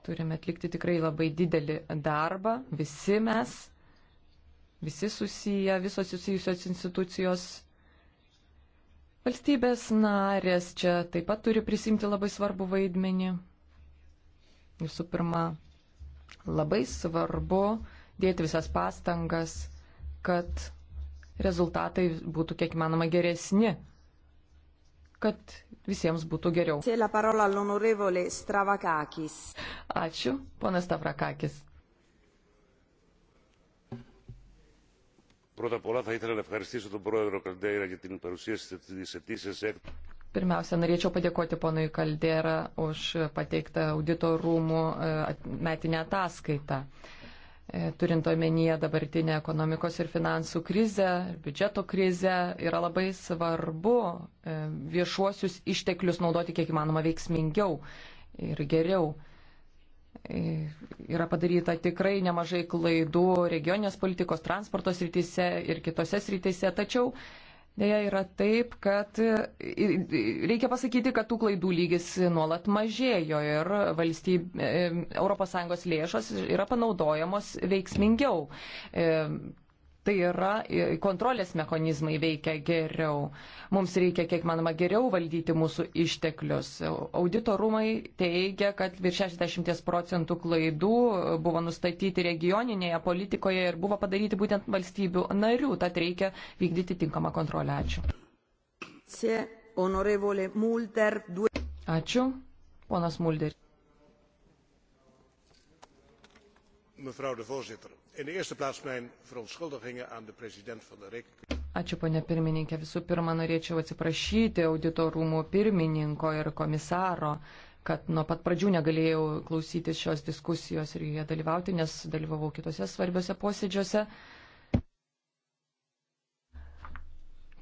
Turime atlikti tikrai labai didelį darbą, visi mes visi susiję, visos susijusios institucijos. Valstybės narės čia taip pat turi prisimti labai svarbu vaidmenį. Visų pirma, labai svarbu dėti visas pastangas, kad rezultatai būtų kiek įmanoma geresni, kad visiems būtų geriau. Ačiū, ponas Tavrakakis. Πρώτα απ' όλα θα ήθελα να ευχαριστήσω τον πρόεδρο Καλντέιρα για την παρουσίαση της αιτήσεως έκθεσης. Pirmiausia, norėčiau padėkoti ponui Kaldėra už pateiktą audito rūmų e, metinę ataskaitą. E, turint omenyje dabartinę ekonomikos ir finansų krizę, biudžeto krizę, yra labai svarbu e, viešuosius išteklius naudoti kiek įmanoma veiksmingiau ir geriau yra padaryta tikrai nemažai klaidų regioninės politikos, transporto srityse ir kitose srityse, tačiau dėja yra taip, kad reikia pasakyti, kad tų klaidų lygis nuolat mažėjo ir valstybė, ES lėšos yra panaudojamos veiksmingiau. E, Tai yra e, kontrolės mechanizmai veikia geriau. Mums reikia, kiek manoma, geriau valdyti mūsų išteklius. Auditorumai teigia, kad virš 60 procentų klaidų e, buvo nustatyti regioninėje politikoje ir buvo padaryti būtent valstybių narių. Tad reikia vykdyti tinkamą kontrolę. Ačiū. Ačiū. Ponas Mulder. Mevrouw de voorzitter, in de eerste plaats mijn verontschuldigingen aan de president van de Rekenkamer. Ačiū, ponė pirmininkė. Visų pirma, norėčiau atsiprašyti auditorumų pirmininko ir komisaro, kad nuo pat pradžių negalėjau klausytis šios diskusijos ir joje dalyvauti, nes dalyvavau kitose svarbiose posėdžiuose.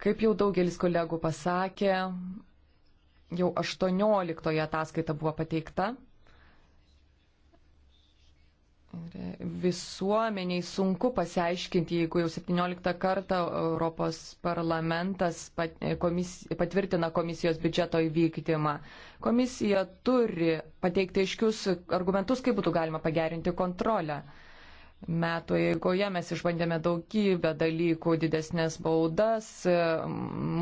Kaip jau daugelis kolegų pasakė, jau 18 ataskaita buvo pateikta visuomeniai sunku pasiaiškinti, jeigu jau 17 kartą Europos parlamentas patvirtina komisijos biudžeto įvykdymą. Komisija turi pateikti aiškius argumentus, kaip būtų galima pagerinti kontrolę metų eigoje mes išbandėme daugybę dalykų, didesnės baudas,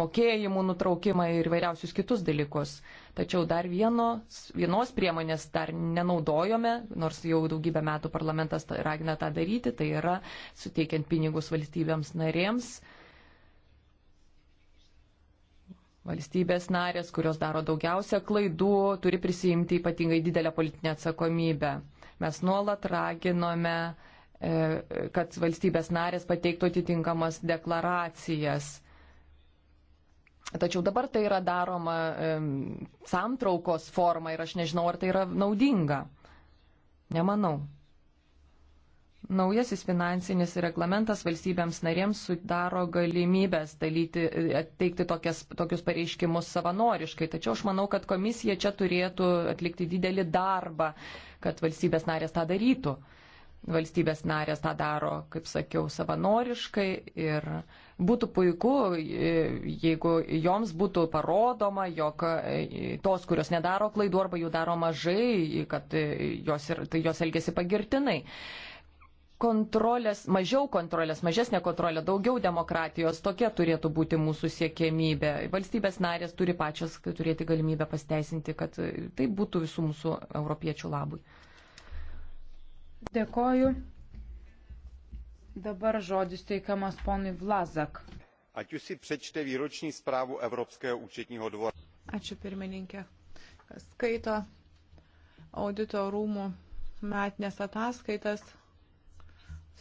mokėjimų nutraukimą ir vairiausius kitus dalykus. Tačiau dar vienos, vienos priemonės dar nenaudojome, nors jau daugybę metų parlamentas ragina tą daryti, tai yra suteikiant pinigus valstybėms narėms. Valstybės narės, kurios daro daugiausia klaidų, turi prisijimti ypatingai didelę politinę atsakomybę. Mes nuolat raginome uh, E, kad valstybės narės pateiktų atitinkamas deklaracijas. Tačiau dabar tai yra daroma e, samtraukos forma ir aš nežinau, ar tai yra naudinga. Nemanau. Naujasis finansinis reglamentas valstybėms narėms sudaro galimybės dalyti, e, teikti tokias, tokius pareiškimus savanoriškai. Tačiau aš manau, kad komisija čia turėtų atlikti didelį darbą, kad valstybės narės tą darytų valstybės narės tą daro, kaip sakiau, savanoriškai ir būtų puiku, e, jeigu joms būtų parodoma, jog e, tos, kurios nedaro klaidų arba jų daro mažai, kad e, jos, ir, tai jos elgesi pagirtinai kontrolės, mažiau kontrolės, mažesnė kontrolė, daugiau demokratijos, tokia turėtų būti mūsų siekėmybė. Valstybės narės turi pačios turėti galimybę pasteisinti, kad tai būtų visų mūsų europiečių labui. Dėkoju. Dabar žodis teikiamas ponui Vlazak. Ať jūs įprečte výročnį správų Europského účetního dvora. Ačiū pirmininkė. Kas skaito audito rūmų metinės ataskaitas,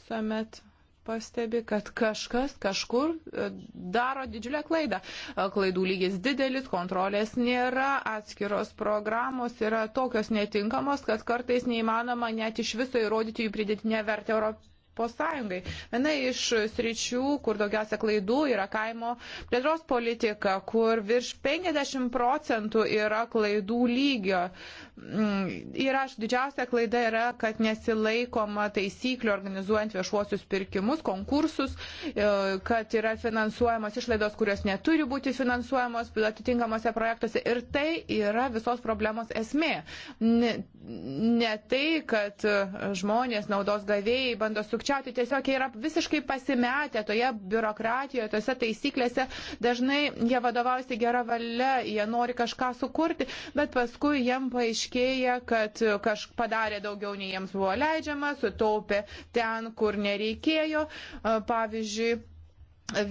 suomet pastebi, kad kažkas kažkur e, daro didžiulę klaidą. E, klaidų lygis didelis, kontrolės nėra, atskiros programos yra tokios netinkamos, kad kartais neįmanoma net iš viso įrodyti jų pridėtinę vertę Europos Europos Sąjungai. Viena iš sričių, kur daugiausia klaidų yra kaimo plėtros politika, kur virš 50 procentų yra klaidų lygio. Ir mm, aš didžiausia klaida yra, kad nesilaikoma taisyklių organizuojant viešuosius pirkimus, konkursus, e, kad yra finansuojamos išlaidos, kurios neturi būti finansuojamos atitinkamuose projektuose. Ir tai yra visos problemos esmė. Ne, ne tai, kad žmonės, naudos gavėjai bando sukti sukčiauti, tiesiog jie yra visiškai pasimetę toje biurokratijoje, tose taisyklėse, dažnai jie vadovaujasi gera valia, jie nori kažką sukurti, bet paskui jiem paaiškėja, kad kažką padarė daugiau nei jiems buvo leidžiama, sutaupė ten, kur nereikėjo. Pavyzdžiui,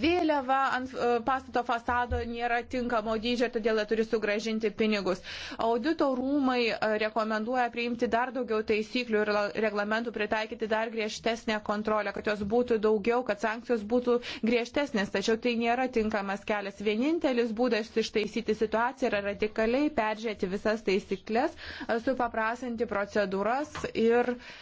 vėliava ant e, pastato fasado nėra tinkamo dydžio, todėl jie turi sugražinti pinigus. Audito rūmai e, rekomenduoja priimti dar daugiau taisyklių ir reglamentų, pritaikyti dar griežtesnę kontrolę, kad jos būtų daugiau, kad sankcijos būtų griežtesnės, tačiau tai nėra tinkamas kelias. Vienintelis būdas ištaisyti situaciją yra radikaliai peržiūrėti visas taisyklės, e, supaprasinti procedūras ir uh,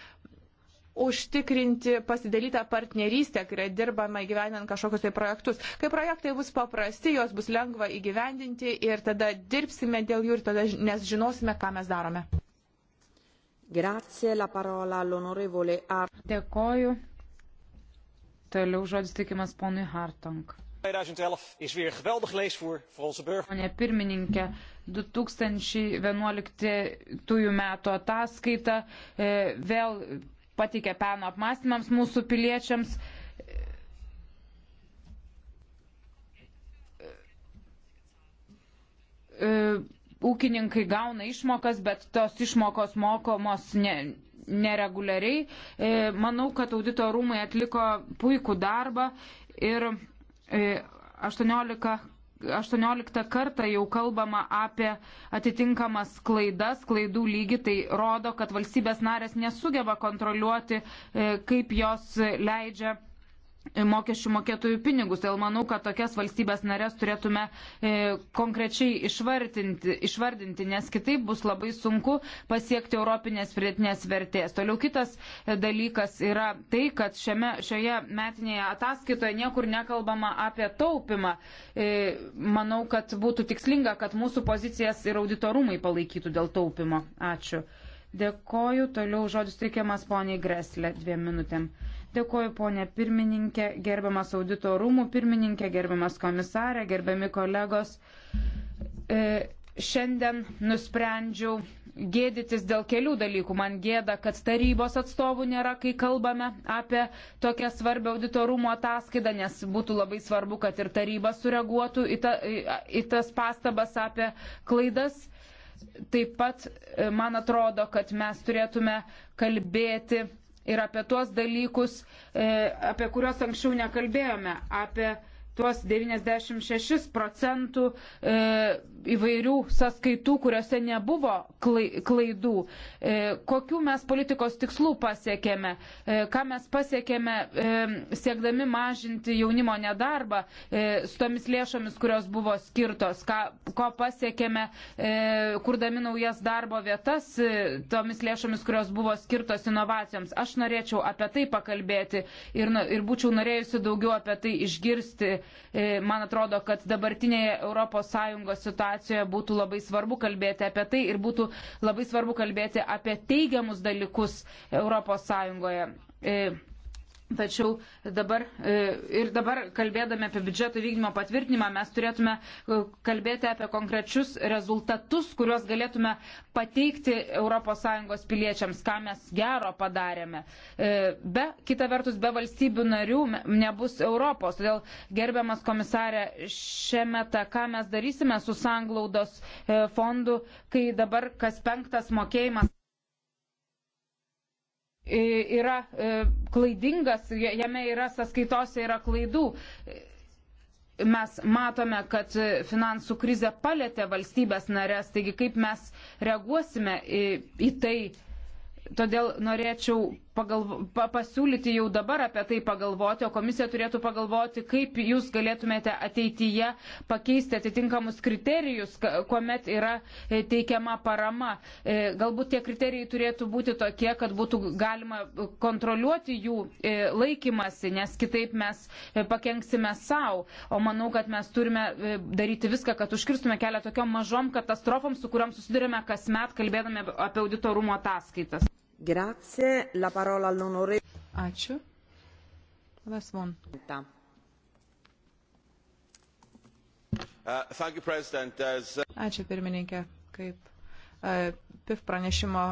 užtikrinti pasidalytą partnerystę, kai yra dirbama įgyvendinant kažkokius tai projektus. Kai projektai bus paprasti, jos bus lengva įgyvendinti ir tada dirbsime dėl jų ir tada nes žinosime, ką mes darome. Grazie, la parola all'onorevole Hart. Dėkoju. Toliau žodis tikimas ponui Hartong. 2011 is weer geweldig leesvoer voor onze burgers. Pone pirmininkė, 2011 metų ataskaita e, vėl patikė peno apmąstymams mūsų piliečiams. E, ūkininkai gauna išmokas, bet tos išmokos mokomos ne, nereguliariai. E, manau, kad audito rūmai atliko puikų darbą ir 18 e, 18 kartą jau kalbama apie atitinkamas klaidas, klaidų lygį, tai rodo, kad valstybės narės nesugeba kontroliuoti, e, kaip jos leidžia mokesčių mokėtojų pinigus. Dėl manau, kad tokias valstybės narės turėtume e, konkrečiai išvardinti, išvardinti, nes kitaip bus labai sunku pasiekti europinės pridėtinės vertės. Toliau kitas e, dalykas yra tai, kad šiame, šioje metinėje ataskaitoje niekur nekalbama apie taupimą. E, manau, kad būtų tikslinga, kad mūsų pozicijas ir auditorumai palaikytų dėl taupimo. Ačiū. Dėkoju. Toliau žodis teikiamas poniai Greslė dviem minutėm. Dėkuoju, ponė pirmininkė, gerbiamas audito rūmų pirmininkė, gerbiamas komisarė, gerbiami kolegos. E, šiandien nusprendžiau gėdytis dėl kelių dalykų. Man gėda, kad tarybos atstovų nėra, kai kalbame apie tokią svarbę auditorumo ataskaitą, nes būtų labai svarbu, kad ir taryba sureaguotų į, ta, į, į tas pastabas apie klaidas. Taip pat e, man atrodo, kad mes turėtume kalbėti ir apie tuos dalykus, e, apie kuriuos anksčiau nekalbėjome, apie tuos 96 procentų e, įvairių sąskaitų, kuriuose nebuvo klaidų, e, kokių mes politikos tikslų pasiekėme, e, ką mes pasiekėme e, siekdami mažinti jaunimo nedarbą e, su tomis lėšomis, kurios buvo skirtos, ką, ko pasiekėme, e, kurdami naujas darbo vietas, e, tomis lėšomis, kurios buvo skirtos inovacijoms. Aš norėčiau apie tai pakalbėti ir, ir būčiau norėjusi daugiau apie tai išgirsti E, man atrodo, kad dabartinėje ES situacijoje būtų labai svarbu kalbėti apie tai ir būtų labai svarbu kalbėti apie teigiamus dalykus ES. Tačiau dabar e, ir dabar kalbėdami apie biudžeto vykdymo patvirtinimą mes turėtume e, kalbėti apie konkrečius rezultatus, kuriuos galėtume pateikti ES piliečiams, ką mes gero padarėme. E, be, kita vertus, be valstybių narių nebus Europos. Todėl, gerbiamas komisarė, šiame ta, ką mes darysime su sanglaudos fondu, kai dabar kas penktas mokėjimas yra e, klaidingas, jame yra sąskaitose yra klaidų mes matome, kad finansų krizė palėtė valstybės narės, taigi kaip mes reaguosime į, į tai, Todėl norėčiau pagalvo, pa, pasiūlyti jau dabar apie tai pagalvoti, o komisija turėtų pagalvoti, kaip jūs galėtumėte ateityje pakeisti atitinkamus kriterijus, kuomet yra e, teikiama parama. E, galbūt tie kriterijai turėtų būti tokie, kad būtų galima kontroliuoti jų e, laikymasi, nes kitaip mes pakenksime savo. O manau, kad mes turime daryti viską, kad užkirstume kelią tokiom mažom katastrofom, su kuriuom susidurime kasmet, kalbėdami apie auditorumo ataskaitas. Grazie. La parola all'onore. Ačiū. Vesmon. Uh, uh, Ačiū pirmininkė, kaip uh, PIF pranešimo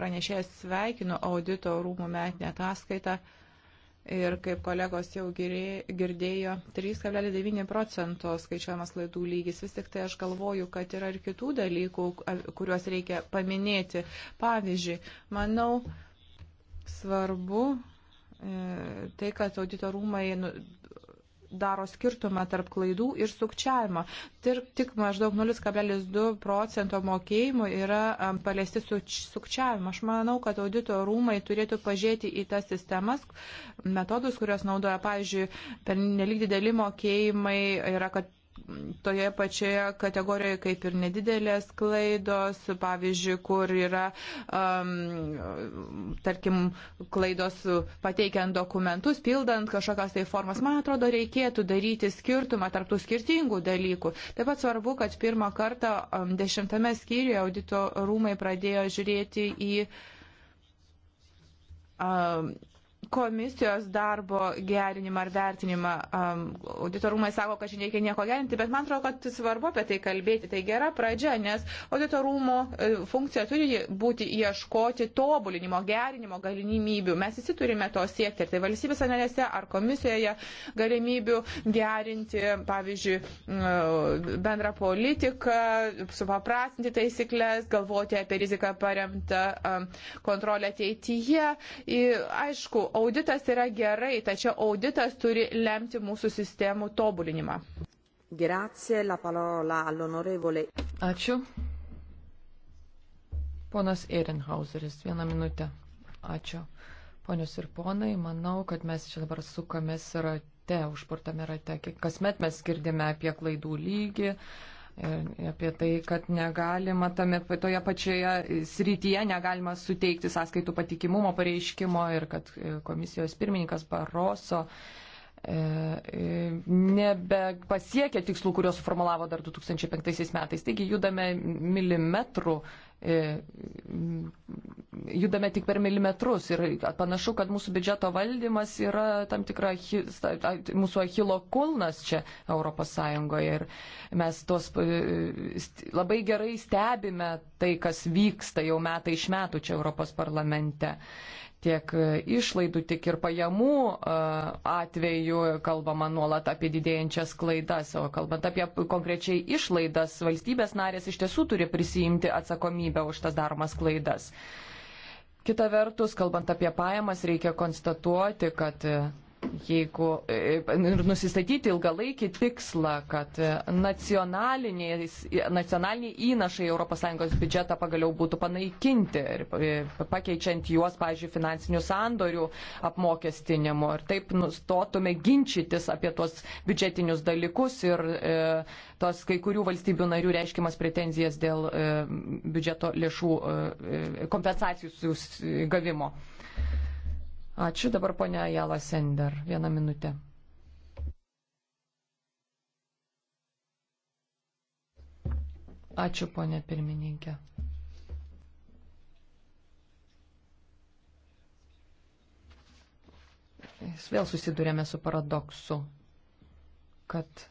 pranešėjas sveikinu audito rūmų metinę ataskaitą. Ir kaip kolegos jau girdėjo, 3,9 procento skaičiuojamas klaidų lygis. Vis tik tai aš galvoju, kad yra ir kitų dalykų, kuriuos reikia paminėti. Pavyzdžiui, manau, svarbu e, tai, kad auditorumai nu, daro skirtumą tarp klaidų ir sukčiavimo. Tir, tik maždaug 0,2 procento mokėjimų yra um, paliesti sukčiavimo. Aš manau, kad audito rūmai turėtų pažiūrėti į tas sistemas, metodus, kurios naudoja, pavyzdžiui, per nelik dideli mokėjimai yra, kad toje pačioje kategorijoje kaip ir nedidelės klaidos, pavyzdžiui, kur yra, um, tarkim, klaidos pateikiant dokumentus, pildant kažkokias tai formas. Man atrodo, reikėtų daryti skirtumą tarptų skirtingų dalykų. Taip pat svarbu, kad pirmą kartą um, dešimtame skyriuje audito rūmai pradėjo žiūrėti į um, komisijos darbo gerinimą ar vertinimą. Um, auditorumai sako, kad šiandien reikia nieko gerinti, bet man atrodo, kad svarbu apie tai kalbėti. Tai gera pradžia, nes auditorumo e, funkcija turi būti ieškoti tobulinimo, gerinimo galimybių. Mes visi turime to siekti, ar tai valstybės analėse, ar komisijoje galimybių gerinti, pavyzdžiui, e, bendrą politiką, supaprastinti taisyklės, galvoti apie riziką paremtą kontrolę ateityje. Ir, aišku, Auditas yra gerai, tačiau auditas turi lemti mūsų sistemų tobulinimą. Grazie, la parola all'onorevole. Ačiū. Ponas Ehrenhauseris, vieną minutę. Ačiū. Ponios ir ponai, manau, kad mes čia dabar sukamės rate, užpurtame rate. Kasmet mes girdime apie klaidų lygį, E, apie tai, kad negalima tame, toje pačioje srityje negalima suteikti sąskaitų patikimumo pareiškimo ir kad e, komisijos pirmininkas Baroso. E, E, e, nebepasiekia tikslų, kuriuos suformulavo dar 2005 metais. Taigi judame milimetrų, e, judame tik per milimetrus ir panašu, kad mūsų biudžeto valdymas yra tam tikra mūsų achilo kulnas čia Europos Sąjungoje ir mes tuos labai gerai stebime tai, kas vyksta jau metai iš metų čia Europos parlamente tiek e, išlaidų, tiek ir pajamų e, atveju kalbama nuolat apie didėjančias klaidas, o kalbant apie konkrečiai išlaidas, valstybės narės iš tiesų turi prisijimti atsakomybę už tas daromas klaidas. Kita vertus, kalbant apie pajamas, reikia konstatuoti, kad e, jeigu e, nusistatyti ilgalaikį tikslą, kad nacionaliniai, nacionaliniai įnašai ES biudžetą pagaliau būtų panaikinti, e, pakeičiant juos, pavyzdžiui, finansinių sandorių apmokestinimu. Ir taip nustotume ginčytis apie tuos biudžetinius dalykus ir e, tos kai kurių valstybių narių reiškimas pretenzijas dėl e, biudžeto lėšų e, e kompensacijų gavimo. Ačiū dabar ponia Jala Sender. Vieną minutę. Ačiū ponia pirmininkė. Vėl susidurėme su paradoksu, kad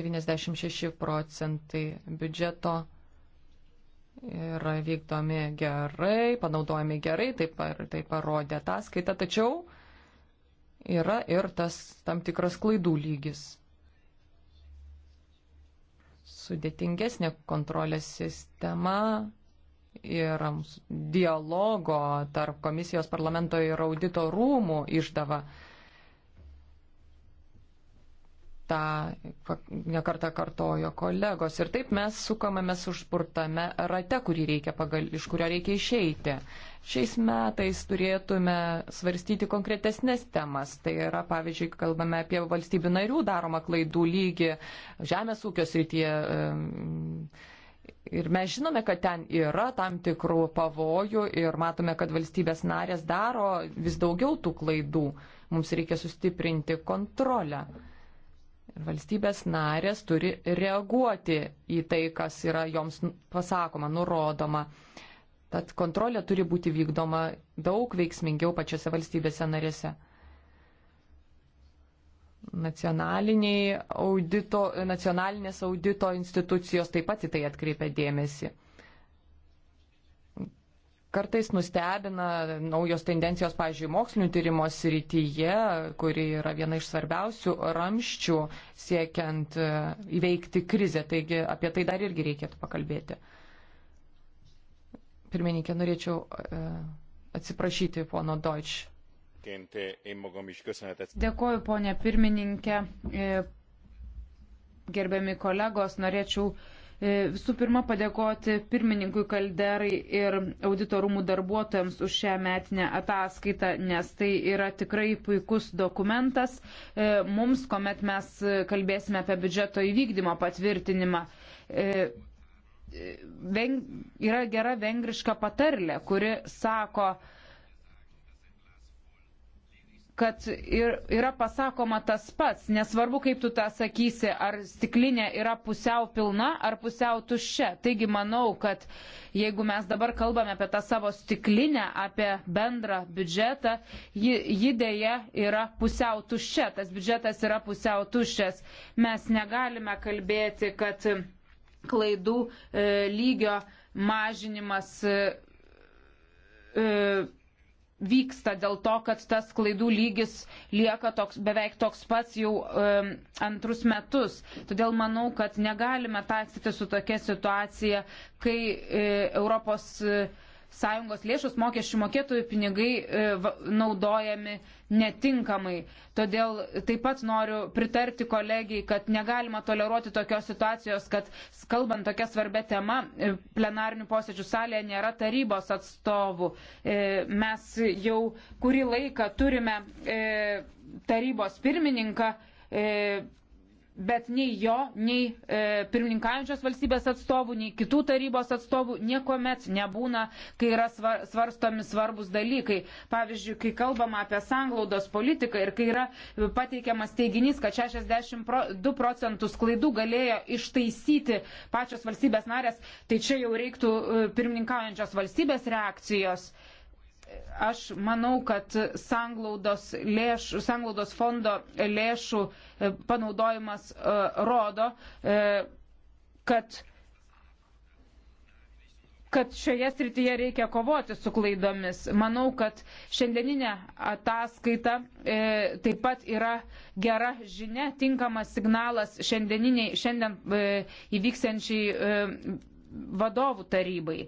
96 procentai biudžeto yra vykdomi gerai, panaudojami gerai, taip, tai parodė ataskaita, tačiau yra ir tas tam tikras klaidų lygis. Sudėtingesnė kontrolės sistema yra dialogo tarp komisijos parlamento ir audito rūmų išdava tą nekartą kartojo kolegos. Ir taip mes sukamėmės užburtame rate, pagal, iš kurio reikia išeiti. Šiais metais turėtume svarstyti konkretesnės temas. Tai yra, pavyzdžiui, kalbame apie valstybių narių daromą klaidų lygį žemės ūkio srityje. Ehm, ir mes žinome, kad ten yra tam tikrų pavojų ir matome, kad valstybės narės daro vis daugiau tų klaidų. Mums reikia sustiprinti kontrolę valstybės narės turi reaguoti į tai, kas yra joms pasakoma, nurodoma. Tad kontrolė turi būti vykdoma daug veiksmingiau pačiose valstybėse narėse. Nacionaliniai audito, nacionalinės audito institucijos taip pat į tai atkreipia dėmesį. Kartais nustebina naujos tendencijos, pavyzdžiui, mokslinio tyrimo srityje, kuri yra viena iš svarbiausių ramščių siekiant e, įveikti krizę. Taigi apie tai dar irgi reikėtų pakalbėti. Pirmininkė, norėčiau e, atsiprašyti pono Deutsch. Dėkuoju, ponė pirmininkė. E, gerbiami kolegos, norėčiau E, visų pirma, padėkoti pirmininkui Kalderai ir auditorumų darbuotojams už šią metinę ataskaitą, nes tai yra tikrai puikus dokumentas e, mums, kuomet mes kalbėsime apie biudžeto įvykdymo patvirtinimą. E, yra gera vengriška patarlė, kuri sako, kad ir, yra pasakoma tas pats, nesvarbu kaip tu tą sakysi, ar stiklinė yra pusiau pilna ar pusiau tuščia. Taigi manau, kad jeigu mes dabar kalbame apie tą savo stiklinę, apie bendrą biudžetą, ji, ji dėja yra pusiau tuščia, tas biudžetas yra pusiau tuščias. Mes negalime kalbėti, kad klaidų e, lygio mažinimas. E, e, vyksta dėl to, kad tas klaidų lygis lieka toks, beveik toks pats jau um, antrus metus. Todėl manau, kad negalime taksyti su tokia situacija, kai e, Europos e, sąjungos lėšus, mokesčių mokėtojų pinigai e, naudojami netinkamai. Todėl taip pat noriu pritarti kolegijai, kad negalima toleruoti tokios situacijos, kad kalbant tokia svarbia tema, e, plenarnių posėdžių salėje nėra tarybos atstovų. E, mes jau kurį laiką turime tarybos pirmininką bet nei jo, nei e, pirmininkaujančios valstybės atstovų, nei kitų tarybos atstovų niekuomet nebūna, kai yra svar, svarstomi svarbus dalykai. Pavyzdžiui, kai kalbama apie sanglaudos politiką ir kai yra pateikiamas teiginys, kad 62 procentus klaidų galėjo ištaisyti pačios valstybės narės, tai čia jau reiktų e, pirmininkaujančios valstybės reakcijos. E, Aš manau, kad sanglaudos, lėš, sanglaudos fondo lėšų e, panaudojimas e, rodo, e, kad kad šioje srityje reikia kovoti su klaidomis. Manau, kad šiandieninė ataskaita e, taip pat yra gera žinia, tinkamas signalas šiandien e, įvyksiančiai e, vadovų tarybai.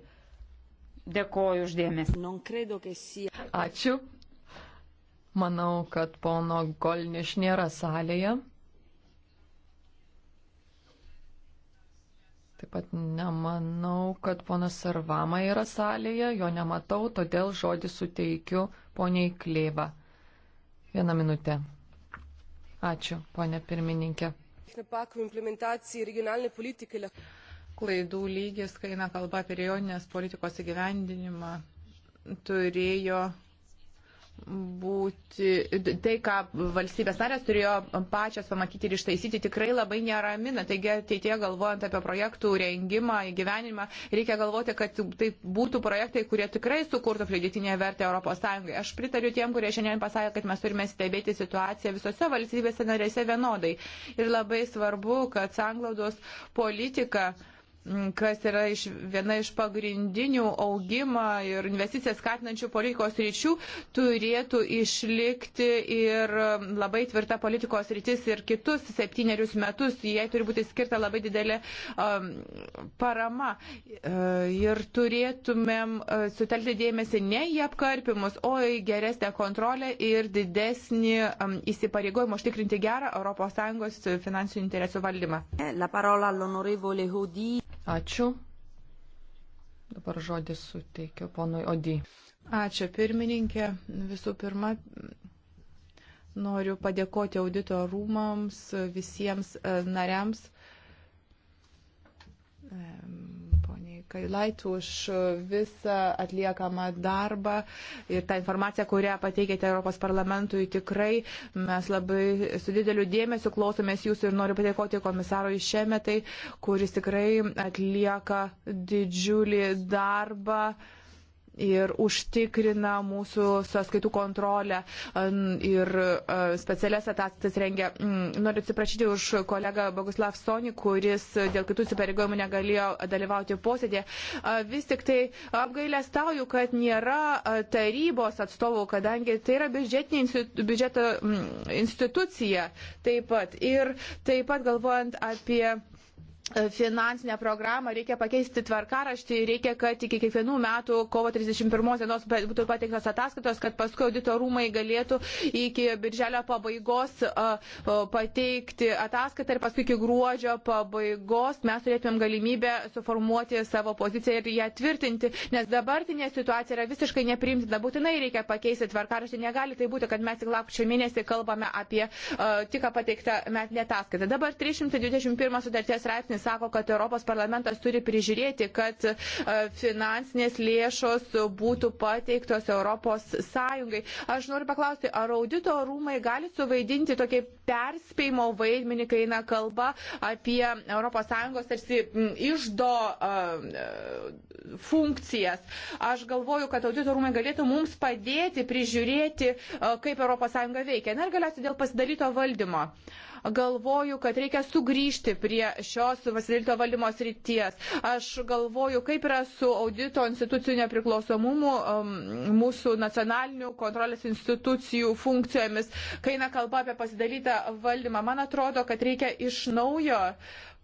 Dėkoju uždėmesi. Ačiū. Manau, kad pono Golniš nėra salėje. Taip pat nemanau, kad ponas Sarvama yra salėje, jo nematau, todėl žodį suteikiu poniai Klėva. Vieną minutę. Ačiū, ponė pirmininkė klaidų lygis, kai eina kalba apie regioninės politikos įgyvendinimą, turėjo būti, tai, ką valstybės narės turėjo pačias pamatyti ir ištaisyti, tikrai labai neramina. Taigi ateitie galvojant apie projektų rengimą, įgyvenimą, reikia galvoti, kad tai būtų projektai, kurie tikrai sukurtų pridėtinę vertę ES. Aš pritariu tiem, kurie šiandien pasakė, kad mes turime stebėti situaciją visose valstybėse narėse vienodai. Ir labai svarbu, kad sanglaudos politika kas yra iš, viena iš pagrindinių augimą ir investicijas skatinančių politikos ryčių, turėtų išlikti ir labai tvirta politikos rytis ir kitus septynerius metus. Jai turi būti skirta labai didelė um, parama. E, ir turėtumėm e, sutelkti dėmesį ne į apkarpimus, o į geresnę kontrolę ir didesnį um, įsipareigojimą užtikrinti gerą ES finansinių interesų valdymą. La parola all'onorevole Hudi. Ačiū. Dabar žodį suteikiu ponui Odį. Ačiū pirmininkė. Visų pirma, noriu padėkoti audito rūmams, visiems e, nariams Kailait už e, visą atliekamą darbą ir tą informaciją, kurią pateikėte Europos parlamentui. Tikrai mes labai su dideliu dėmesiu klausomės jūsų ir noriu padėkoti komisarui Šemetai, kuris tikrai atlieka didžiulį darbą ir užtikrina mūsų sąskaitų kontrolę ir specialias ataskaitas rengia. Mm, noriu atsiprašyti už kolegą Boguslav Soni, kuris dėl kitų įsipareigojimų negalėjo dalyvauti posėdėje. Vis tik tai apgailę stauju, kad nėra tarybos atstovų, kadangi tai yra biudžetinė institu, biudžeto mm, institucija taip pat. Ir taip pat galvojant apie E, finansinę programą, reikia pakeisti tvarkaraštį, reikia, kad iki kiekvienų metų kovo 31 dienos būtų pateiktas ataskaitos, kad paskui audito rūmai galėtų iki birželio pabaigos e, e, pateikti ataskaitą ir paskui iki gruodžio pabaigos mes turėtumėm galimybę suformuoti savo poziciją ir ją tvirtinti, nes dabartinė situacija yra visiškai nepriimtina, būtinai reikia pakeisti tvarkaraštį, negali tai būti, kad mes tik lapkričio mėnesį kalbame apie uh, tik pateiktą metinę ataskaitą. Dabar 321 sutarties straipsnis straipsnis sako, kad Europos parlamentas turi prižiūrėti, kad e, finansinės lėšos būtų pateiktos Europos Sąjungai. Aš noriu paklausti, ar audito rūmai gali suvaidinti tokį perspėjimo vaidmenį, kai eina kalba apie Europos Sąjungos tarsi išdo e, e, funkcijas. Aš galvoju, kad audito rūmai galėtų mums padėti prižiūrėti, kaip ES veikia. Na ir galiausiai dėl pasidalyto valdymo. Galvoju, kad reikia sugrįžti prie šios pasidaryto valdymo srities. Aš galvoju, kaip yra su audito institucijų nepriklausomumu um, mūsų nacionalinių kontrolės institucijų funkcijomis, kai eina kalba apie pasidarytą valdymą. Man atrodo, kad reikia iš naujo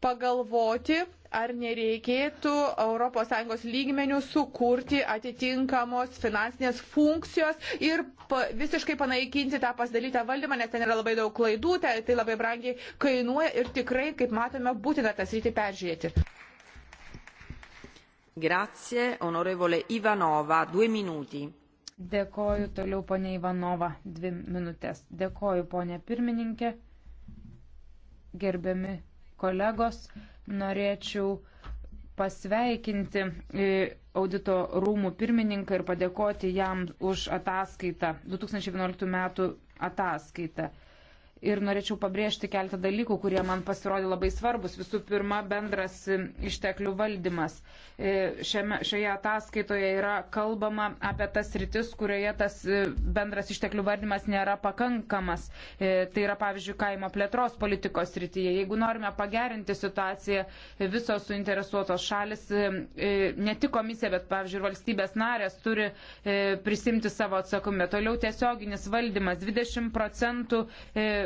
pagalvoti, ar nereikėtų ES lygmenių sukurti atitinkamos finansinės funkcijos ir pa, visiškai panaikinti tą pasidalytą valdymą, nes ten yra labai daug klaidų, tai, tai labai brangiai kainuoja ir tikrai, kaip matome, būtina tas rytį peržiūrėti. Grazie, onorevole Ivanova, due minuti. Dėkoju toliau, ponė Ivanova, dvi minutės. Dėkoju, ponė pirmininkė, gerbiami kolegos, norėčiau pasveikinti e, audito rūmų pirmininką ir padėkoti jam už ataskaitą, 2011 metų ataskaitą ir norėčiau pabrėžti keletą dalykų, kurie man pasirodė labai svarbus. Visų pirma, bendras e, išteklių valdymas. E, šiame, šioje ataskaitoje yra kalbama apie tas rytis, kurioje tas e, bendras išteklių valdymas nėra pakankamas. Tai yra, pavyzdžiui, kaimo plėtros politikos rytyje. Jeigu norime pagerinti situaciją, visos suinteresuotos šalis, ne tik komisija, bet, pavyzdžiui, ir valstybės narės turi prisimti savo atsakomybę. Toliau tiesioginis valdymas 20 procentų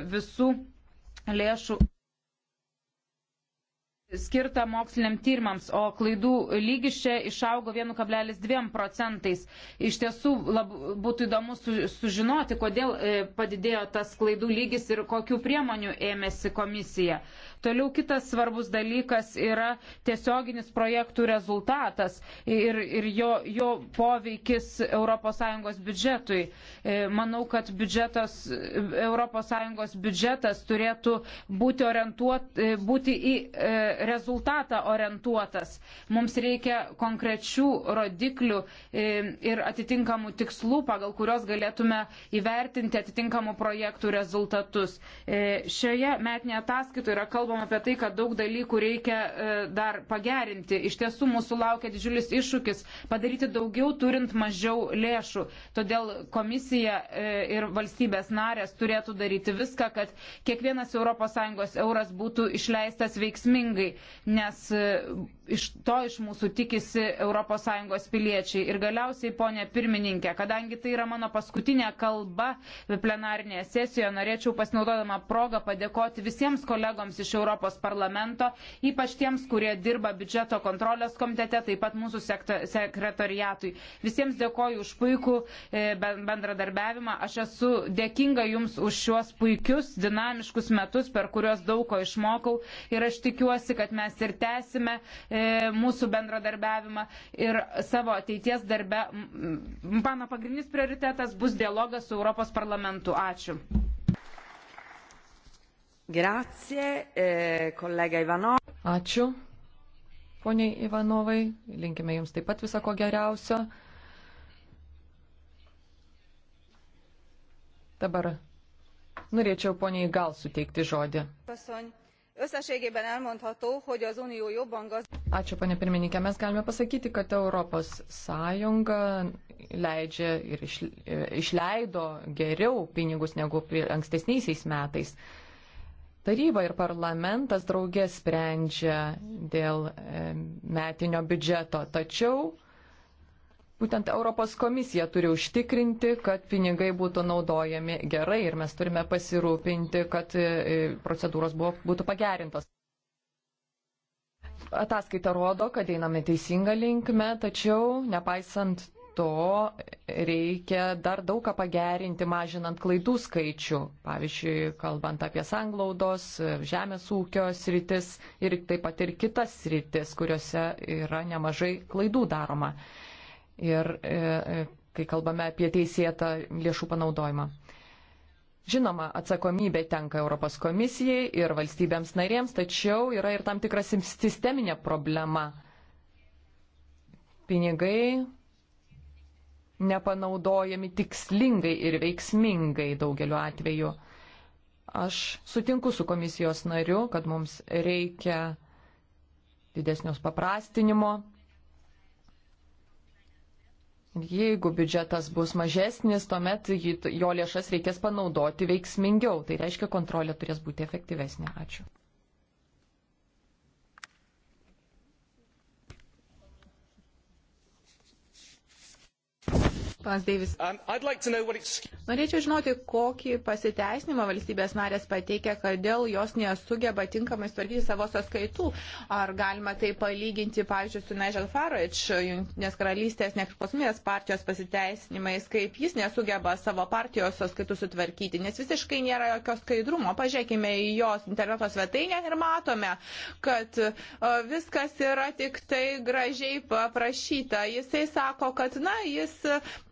visų lėšų skirta moksliniam tyrimams, o klaidų lygis čia išaugo 1,2 procentais. Iš tiesų lab, būtų įdomu su, sužinoti, kodėl e, padidėjo tas klaidų lygis ir kokių priemonių ėmėsi komisija. E, Toliau kitas svarbus dalykas yra tiesioginis projektų rezultatas ir, ir jo, jo poveikis ES biudžetui. E, manau, kad biudžetas, ES biudžetas turėtų būti, orientuot, e, būti į e, rezultatą orientuotas. Mums reikia konkrečių rodiklių ir atitinkamų tikslų, pagal kurios galėtume įvertinti atitinkamų projektų rezultatus. Šioje metinėje ataskaitoje yra kalbama kalbam apie tai, kad daug dalykų reikia e, dar pagerinti. Iš tiesų mūsų laukia didžiulis iššūkis padaryti daugiau turint mažiau lėšų. Todėl komisija e, ir valstybės narės turėtų daryti viską, kad kiekvienas ES euras būtų išleistas veiksmingai, nes e, iš to iš mūsų tikisi ES piliečiai. Ir galiausiai, ponė pirmininkė, kadangi tai yra mano paskutinė kalba plenarinėje sesijoje, norėčiau pasinaudodama progą padėkoti visiems kolegoms iš Europos parlamento, ypač tiems, kurie dirba biudžeto kontrolės komitete, taip pat mūsų sekretariatui. Visiems dėkoju už puikų e, bendradarbiavimą. Aš esu dėkinga Jums už šiuos puikius, dinamiškus metus, per kuriuos daug ko išmokau ir aš tikiuosi, kad mes ir tęsime e, mūsų bendradarbiavimą ir savo ateities darbe. Mano pagrindinis prioritetas bus dialogas su Europos parlamentu. Ačiū. Grazie, e, eh, kolega Ivanov. Ačiū, poniai Ivanovai. Linkime Jums taip pat visako geriausio. Dabar norėčiau poniai gal suteikti žodį. Ačiū, ponė pirmininkė. Mes galime pasakyti, kad Europos Sąjunga leidžia ir išleido geriau pinigus negu ankstesniaisiais metais. Taryba ir parlamentas draugė sprendžia dėl e, metinio biudžeto, tačiau būtent Europos komisija turi užtikrinti, kad pinigai būtų naudojami gerai ir mes turime pasirūpinti, kad e, procedūros buvo, būtų pagerintos. Ataskaita rodo, kad einame teisinga linkme, tačiau nepaisant to reikia dar daug ką pagerinti, mažinant klaidų skaičių. Pavyzdžiui, kalbant apie sanglaudos, žemės ūkio sritis ir taip pat ir kitas sritis, kuriuose yra nemažai klaidų daroma. Ir e, e, kai kalbame apie teisėtą lėšų panaudojimą. Žinoma, atsakomybė tenka Europos komisijai ir valstybėms narėms, tačiau yra ir tam tikra sisteminė problema. Pinigai nepanaudojami tikslingai ir veiksmingai daugeliu atveju. Aš sutinku su komisijos nariu, kad mums reikia didesnios paprastinimo. Jeigu biudžetas bus mažesnis, tuomet jo lėšas reikės panaudoti veiksmingiau. Tai reiškia, kontrolė turės būti efektyvesnė. Ačiū. Pans Deivis. Um, Norėčiau žinoti, kokį pasiteisinimą valstybės narės pateikia, kodėl jos nesugeba tinkamai tvarkyti savo sąskaitų. Ar galima tai palyginti, pavyzdžiui, su Nigel Farage, Junktinės karalystės nepriklausomybės partijos pasiteisinimais, kaip jis nesugeba savo partijos sąskaitų sutvarkyti, nes visiškai nėra jokio skaidrumo. Pažiūrėkime į jos interneto svetainę ir matome, kad e, viskas yra tik tai gražiai paprašyta. Jisai sako, kad, na, jis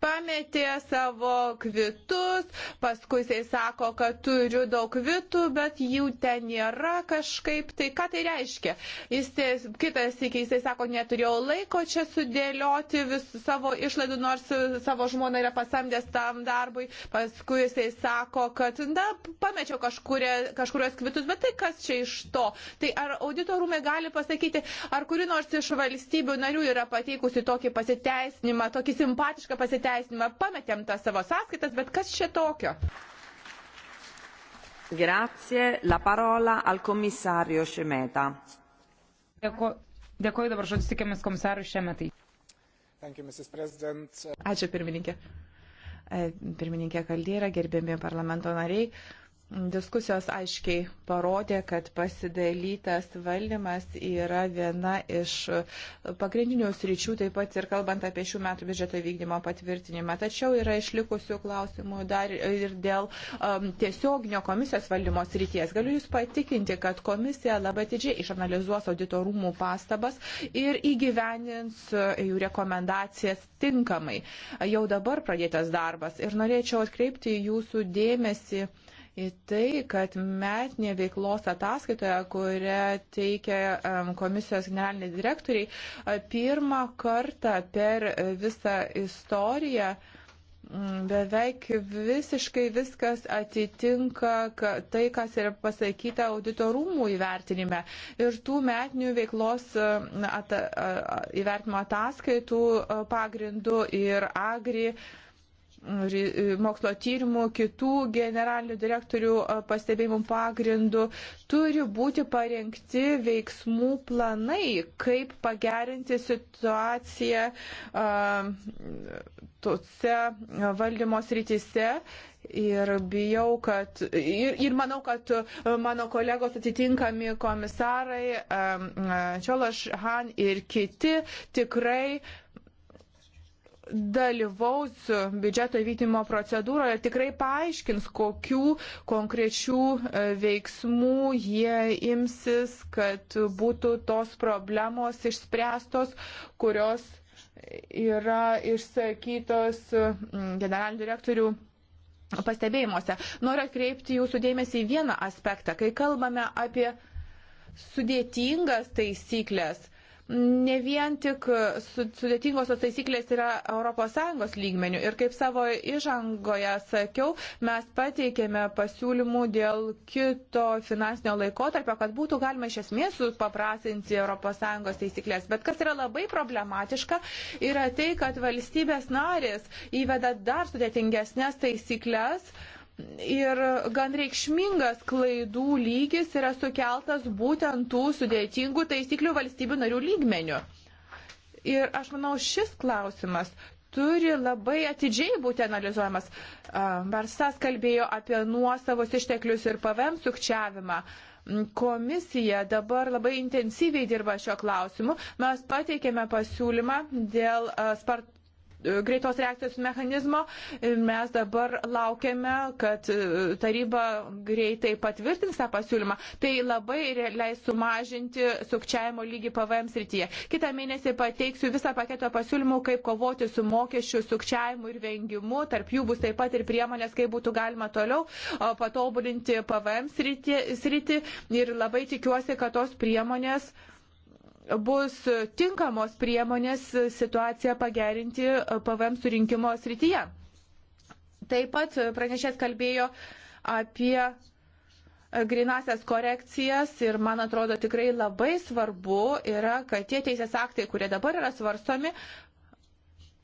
pametė savo kvitus, paskui jisai sako, kad turiu daug kvitų, bet jų ten nėra kažkaip. Tai ką tai reiškia? Jis, tai, kitas iki jisai sako, neturėjau laiko čia sudėlioti vis savo išlaidų, nors savo žmoną yra pasamdęs tam darbui. Paskui jisai sako, kad, na, pamečiau kažkuria, kažkurios kvitus, bet tai kas čia iš to? Tai ar auditorumai gali pasakyti, ar kuri nors iš valstybių narių yra pateikusi tokį pasiteisinimą, tokį simpatišką pasiteisinimą? pateisinimą, pametėm tas savo sąskaitas, bet kas čia tokio? Grazie, la parola al komisario Šemeta. Dėko, dėkoju dabar žodžiu tikėmės komisarui Šemetai. Ačiū pirmininkė. E, pirmininkė Kaldėra, gerbėmi parlamento nariai. Diskusijos aiškiai parodė, kad pasidalytas valdymas yra viena iš pagrindinių sričių, taip pat ir kalbant apie šių metų biudžeto vykdymo patvirtinimą. Tačiau yra išlikusių klausimų dar ir dėl um, tiesioginio komisijos valdymo srities. Galiu Jūs patikinti, kad komisija labai atidžiai išanalizuos auditorumų pastabas ir įgyvenins uh, jų rekomendacijas tinkamai. Jau dabar pradėtas darbas ir norėčiau atkreipti Jūsų dėmesį į tai, kad metinė veiklos ataskaitoje, kurią teikia komisijos generaliniai direktoriai, pirmą kartą per visą istoriją beveik visiškai viskas atitinka tai, kas yra pasakyta auditorumų įvertinime. Ir tų metinių veiklos at, įvertinimo ataskaitų pagrindų ir agri mokslo tyrimų, kitų generalinių direktorių pastebėjimų pagrindų, turi būti parengti veiksmų planai, kaip pagerinti situaciją tose valdymo srityse. Ir bijau, kad ir, ir manau, kad mano kolegos atitinkami komisarai Čiolaš Han ir kiti tikrai uh, dalyvaus biudžeto įvykdymo procedūroje, tikrai paaiškins, kokių konkrečių e, veiksmų jie imsis, kad būtų tos problemos išspręstos, kurios yra išsakytos e, generalinių direktorių pastebėjimuose. Noriu atkreipti jūsų dėmesį į vieną aspektą. Kai kalbame apie sudėtingas taisyklės, ne vien tik sudėtingosios taisyklės yra ES lygmenių. Ir kaip savo įžangoje sakiau, mes pateikėme pasiūlymų dėl kito finansinio laikotarpio, kad būtų galima iš esmės supaprasinti ES taisyklės. Bet kas yra labai problematiška, yra tai, kad valstybės narės įveda dar sudėtingesnės taisyklės, uh, Ir gan reikšmingas klaidų lygis yra sukeltas būtent tų sudėtingų taisyklių valstybių narių lygmenių. Ir aš manau, šis klausimas turi labai atidžiai būti analizuojamas. Barsas kalbėjo apie nuosavus išteklius ir PVM sukčiavimą. Komisija dabar labai intensyviai dirba šio klausimu. Mes pateikėme pasiūlymą dėl spart, greitos reakcijos mechanizmo. Mes dabar laukiame, kad e, taryba greitai patvirtins tą pasiūlymą. Tai labai leis sumažinti sukčiavimo lygį PVM srityje. Kitą mėnesį pateiksiu visą paketą pasiūlymų, kaip kovoti su mokesčių sukčiavimu ir vengimu. Tarp jų bus taip pat ir priemonės, kaip būtų galima toliau e, patobulinti PVM sritį. sritį. Ir labai tikiuosi, kad tos priemonės. Uh, bus tinkamos priemonės situaciją pagerinti PVM surinkimo srityje. Taip pat pranešės kalbėjo apie grinasias korekcijas ir man atrodo tikrai labai svarbu yra, kad tie teisės aktai, kurie dabar yra svarstomi,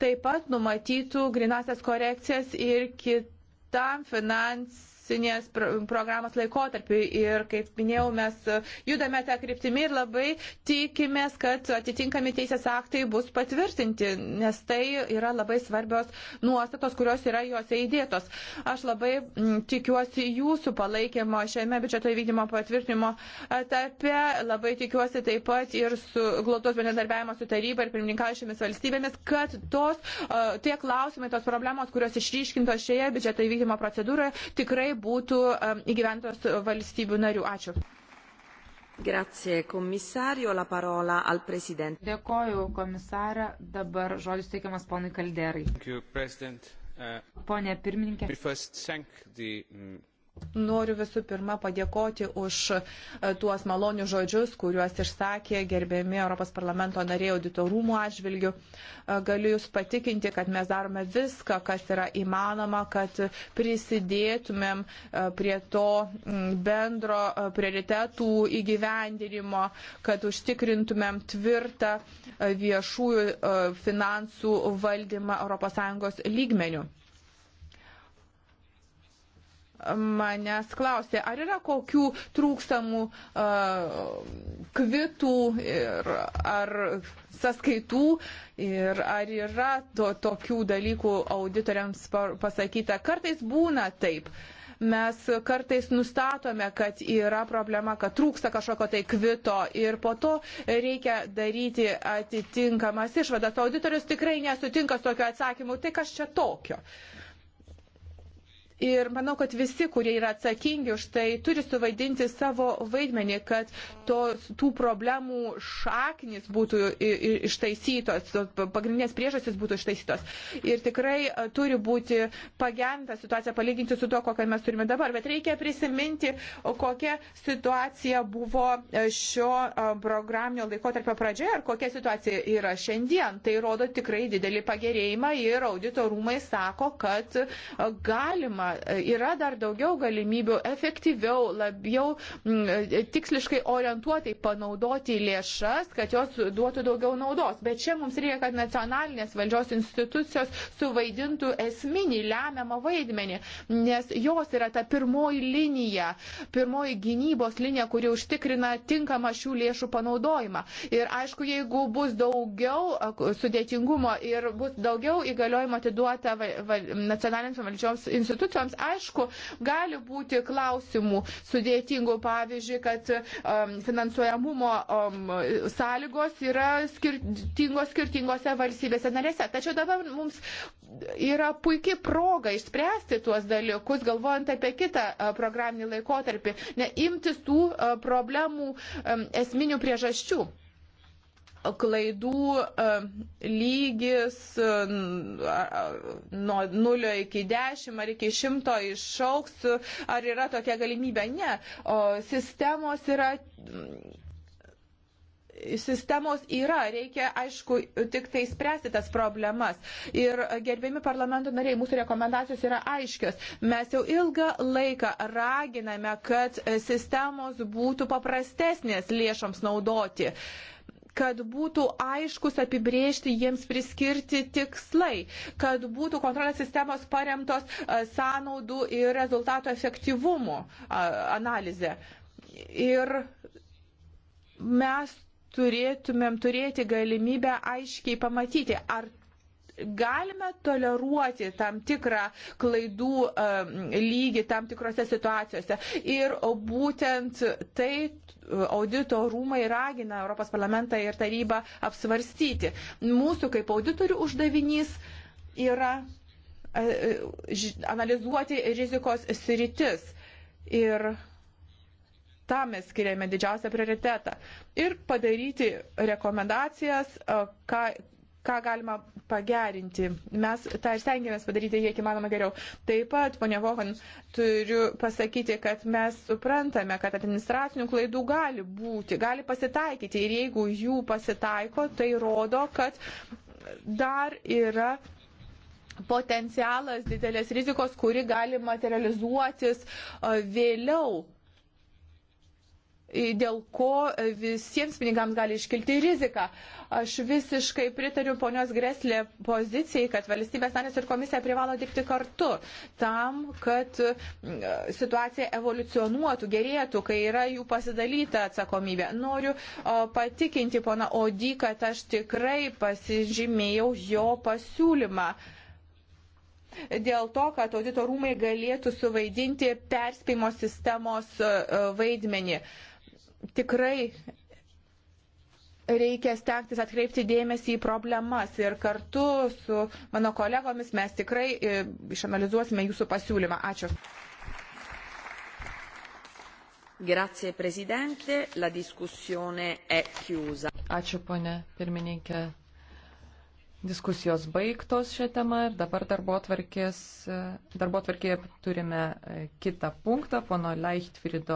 taip pat numatytų grinasias korekcijas ir kitam finansiniam finansinės programos laikotarpiu. Ir kaip minėjau, mes judame tą kryptimį ir labai tikimės, kad atitinkami teisės aktai bus patvirtinti, nes tai yra labai svarbios nuostatos, kurios yra juose įdėtos. Aš labai mm, tikiuosi jūsų palaikymo šiame biudžeto įvykdymo patvirtinimo etape. Labai tikiuosi taip pat ir su glautos bendradarbiavimo su taryba ir pirmininkaujančiamis valstybėmis, kad tos, tie klausimai, tos problemos, kurios išryškintos šioje biudžeto įvykdymo procedūroje, tikrai nebūtų um, įgyventos valstybių narių. Ačiū. Grazie, komisario, la parola al presidente. Dėkoju, komisarą. Dabar žodis teikiamas ponui Kalderai. Uh, Pone pirmininkė. Noriu visų pirma padėkoti už e, tuos malonius žodžius, kuriuos išsakė gerbiami Europos parlamento nariai auditorumų atžvilgių. E, galiu Jūs patikinti, kad mes darome viską, kas yra įmanoma, kad prisidėtumėm e, prie to bendro prioritetų įgyvendinimo, kad užtikrintumėm tvirtą viešųjų finansų valdymą ES lygmenių manęs klausė, ar yra kokių trūkstamų uh, kvitų ir, ar sąskaitų ir ar yra to, tokių dalykų auditoriams pasakyta. Kartais būna taip. Mes kartais nustatome, kad yra problema, kad trūksta kažkokio tai kvito ir po to reikia daryti atitinkamas išvadas. Auditorius tikrai nesutinka su tokiu atsakymu, tai kas čia tokio? Uh, Ir manau, kad visi, kurie yra atsakingi už tai, turi suvaidinti savo vaidmenį, kad to, tų problemų šaknis būtų ištaisytos, pagrindinės priežastys būtų ištaisytos. Ir tikrai turi būti pagerinta situacija palyginti su to, kokią mes turime dabar. Bet reikia prisiminti, kokia situacija buvo šio programinio laikotarpio pradžioje ir kokia situacija yra šiandien. Tai rodo tikrai didelį pagerėjimą ir audito rūmai sako, kad galima E, yra dar daugiau galimybių efektyviau, labiau m, e, tiksliškai orientuotai panaudoti lėšas, kad jos duotų daugiau naudos. Bet čia mums reikia, kad nacionalinės valdžios institucijos suvaidintų esminį lemiamą vaidmenį, nes jos yra ta pirmoji linija, pirmoji gynybos linija, kuri užtikrina tinkamą šių lėšų panaudojimą. Ir aišku, jeigu bus daugiau e, sudėtingumo ir bus daugiau įgaliojimo atiduota nacionalinėms valdžios institucijoms, institucijoms, aišku, gali būti klausimų sudėtingų, pavyzdžiui, kad um, finansuojamumo um, sąlygos yra skirtingos skirtingose valstybėse narėse. Tačiau dabar mums yra puikia proga išspręsti tuos dalykus, galvojant apie kitą uh, programinį laikotarpį, neimtis tų uh, problemų um, esminių priežasčių klaidų e, lygis e, nuo 0 iki 10 ar iki 100 išauks, ar yra tokia galimybė. Ne, o sistemos yra. Sistemos yra, reikia, aišku, tik tai spręsti tas problemas. Ir e, gerbiami parlamento nariai, mūsų rekomendacijos yra aiškios. Mes jau ilgą laiką raginame, kad sistemos būtų paprastesnės lėšoms naudoti kad būtų aiškus apibriežti jiems priskirti tikslai, kad būtų kontrolės sistemos paremtos e, sąnaudų ir rezultato efektyvumo analizė. Ir mes turėtumėm turėti galimybę aiškiai pamatyti, ar galime toleruoti tam tikrą klaidų lygį tam tikrose situacijose. Ir būtent tai audito rūmai ragina Europos parlamentą ir tarybą apsvarstyti. Mūsų kaip auditorių uždavinys yra e, e, analizuoti rizikos sritis. Ir tam mes skiriame didžiausią prioritetą. Ir padaryti rekomendacijas, e, ką, ką galima pagerinti. Mes tą ir stengiamės padaryti, kiek įmanoma geriau. Taip pat, ponia Vohan, turiu pasakyti, kad mes suprantame, kad administracinių klaidų gali būti, gali pasitaikyti ir jeigu jų pasitaiko, tai rodo, kad dar yra potencialas didelės rizikos, kuri gali materializuotis vėliau dėl ko visiems pinigams gali iškilti rizika. Aš visiškai pritariu ponios Greslė pozicijai, kad valstybės narės ir komisija privalo dirbti kartu tam, kad situacija evoliucionuotų, gerėtų, kai yra jų pasidalyta atsakomybė. Noriu patikinti pona Odį, kad aš tikrai pasižymėjau jo pasiūlymą dėl to, kad audito rūmai galėtų suvaidinti perspėjimo sistemos vaidmenį. Uh, tikrai reikia stengtis atkreipti dėmesį į problemas ir kartu su mano kolegomis mes tikrai e, išanalizuosime jūsų pasiūlymą. Ačiū. Grazie Presidente, la discussione è chiusa. Ačiū ponė pirmininkė. Diskusijos baigtos šią temą ir dabar darbo atvarkėje turime e, kitą punktą, pono Leichtfrido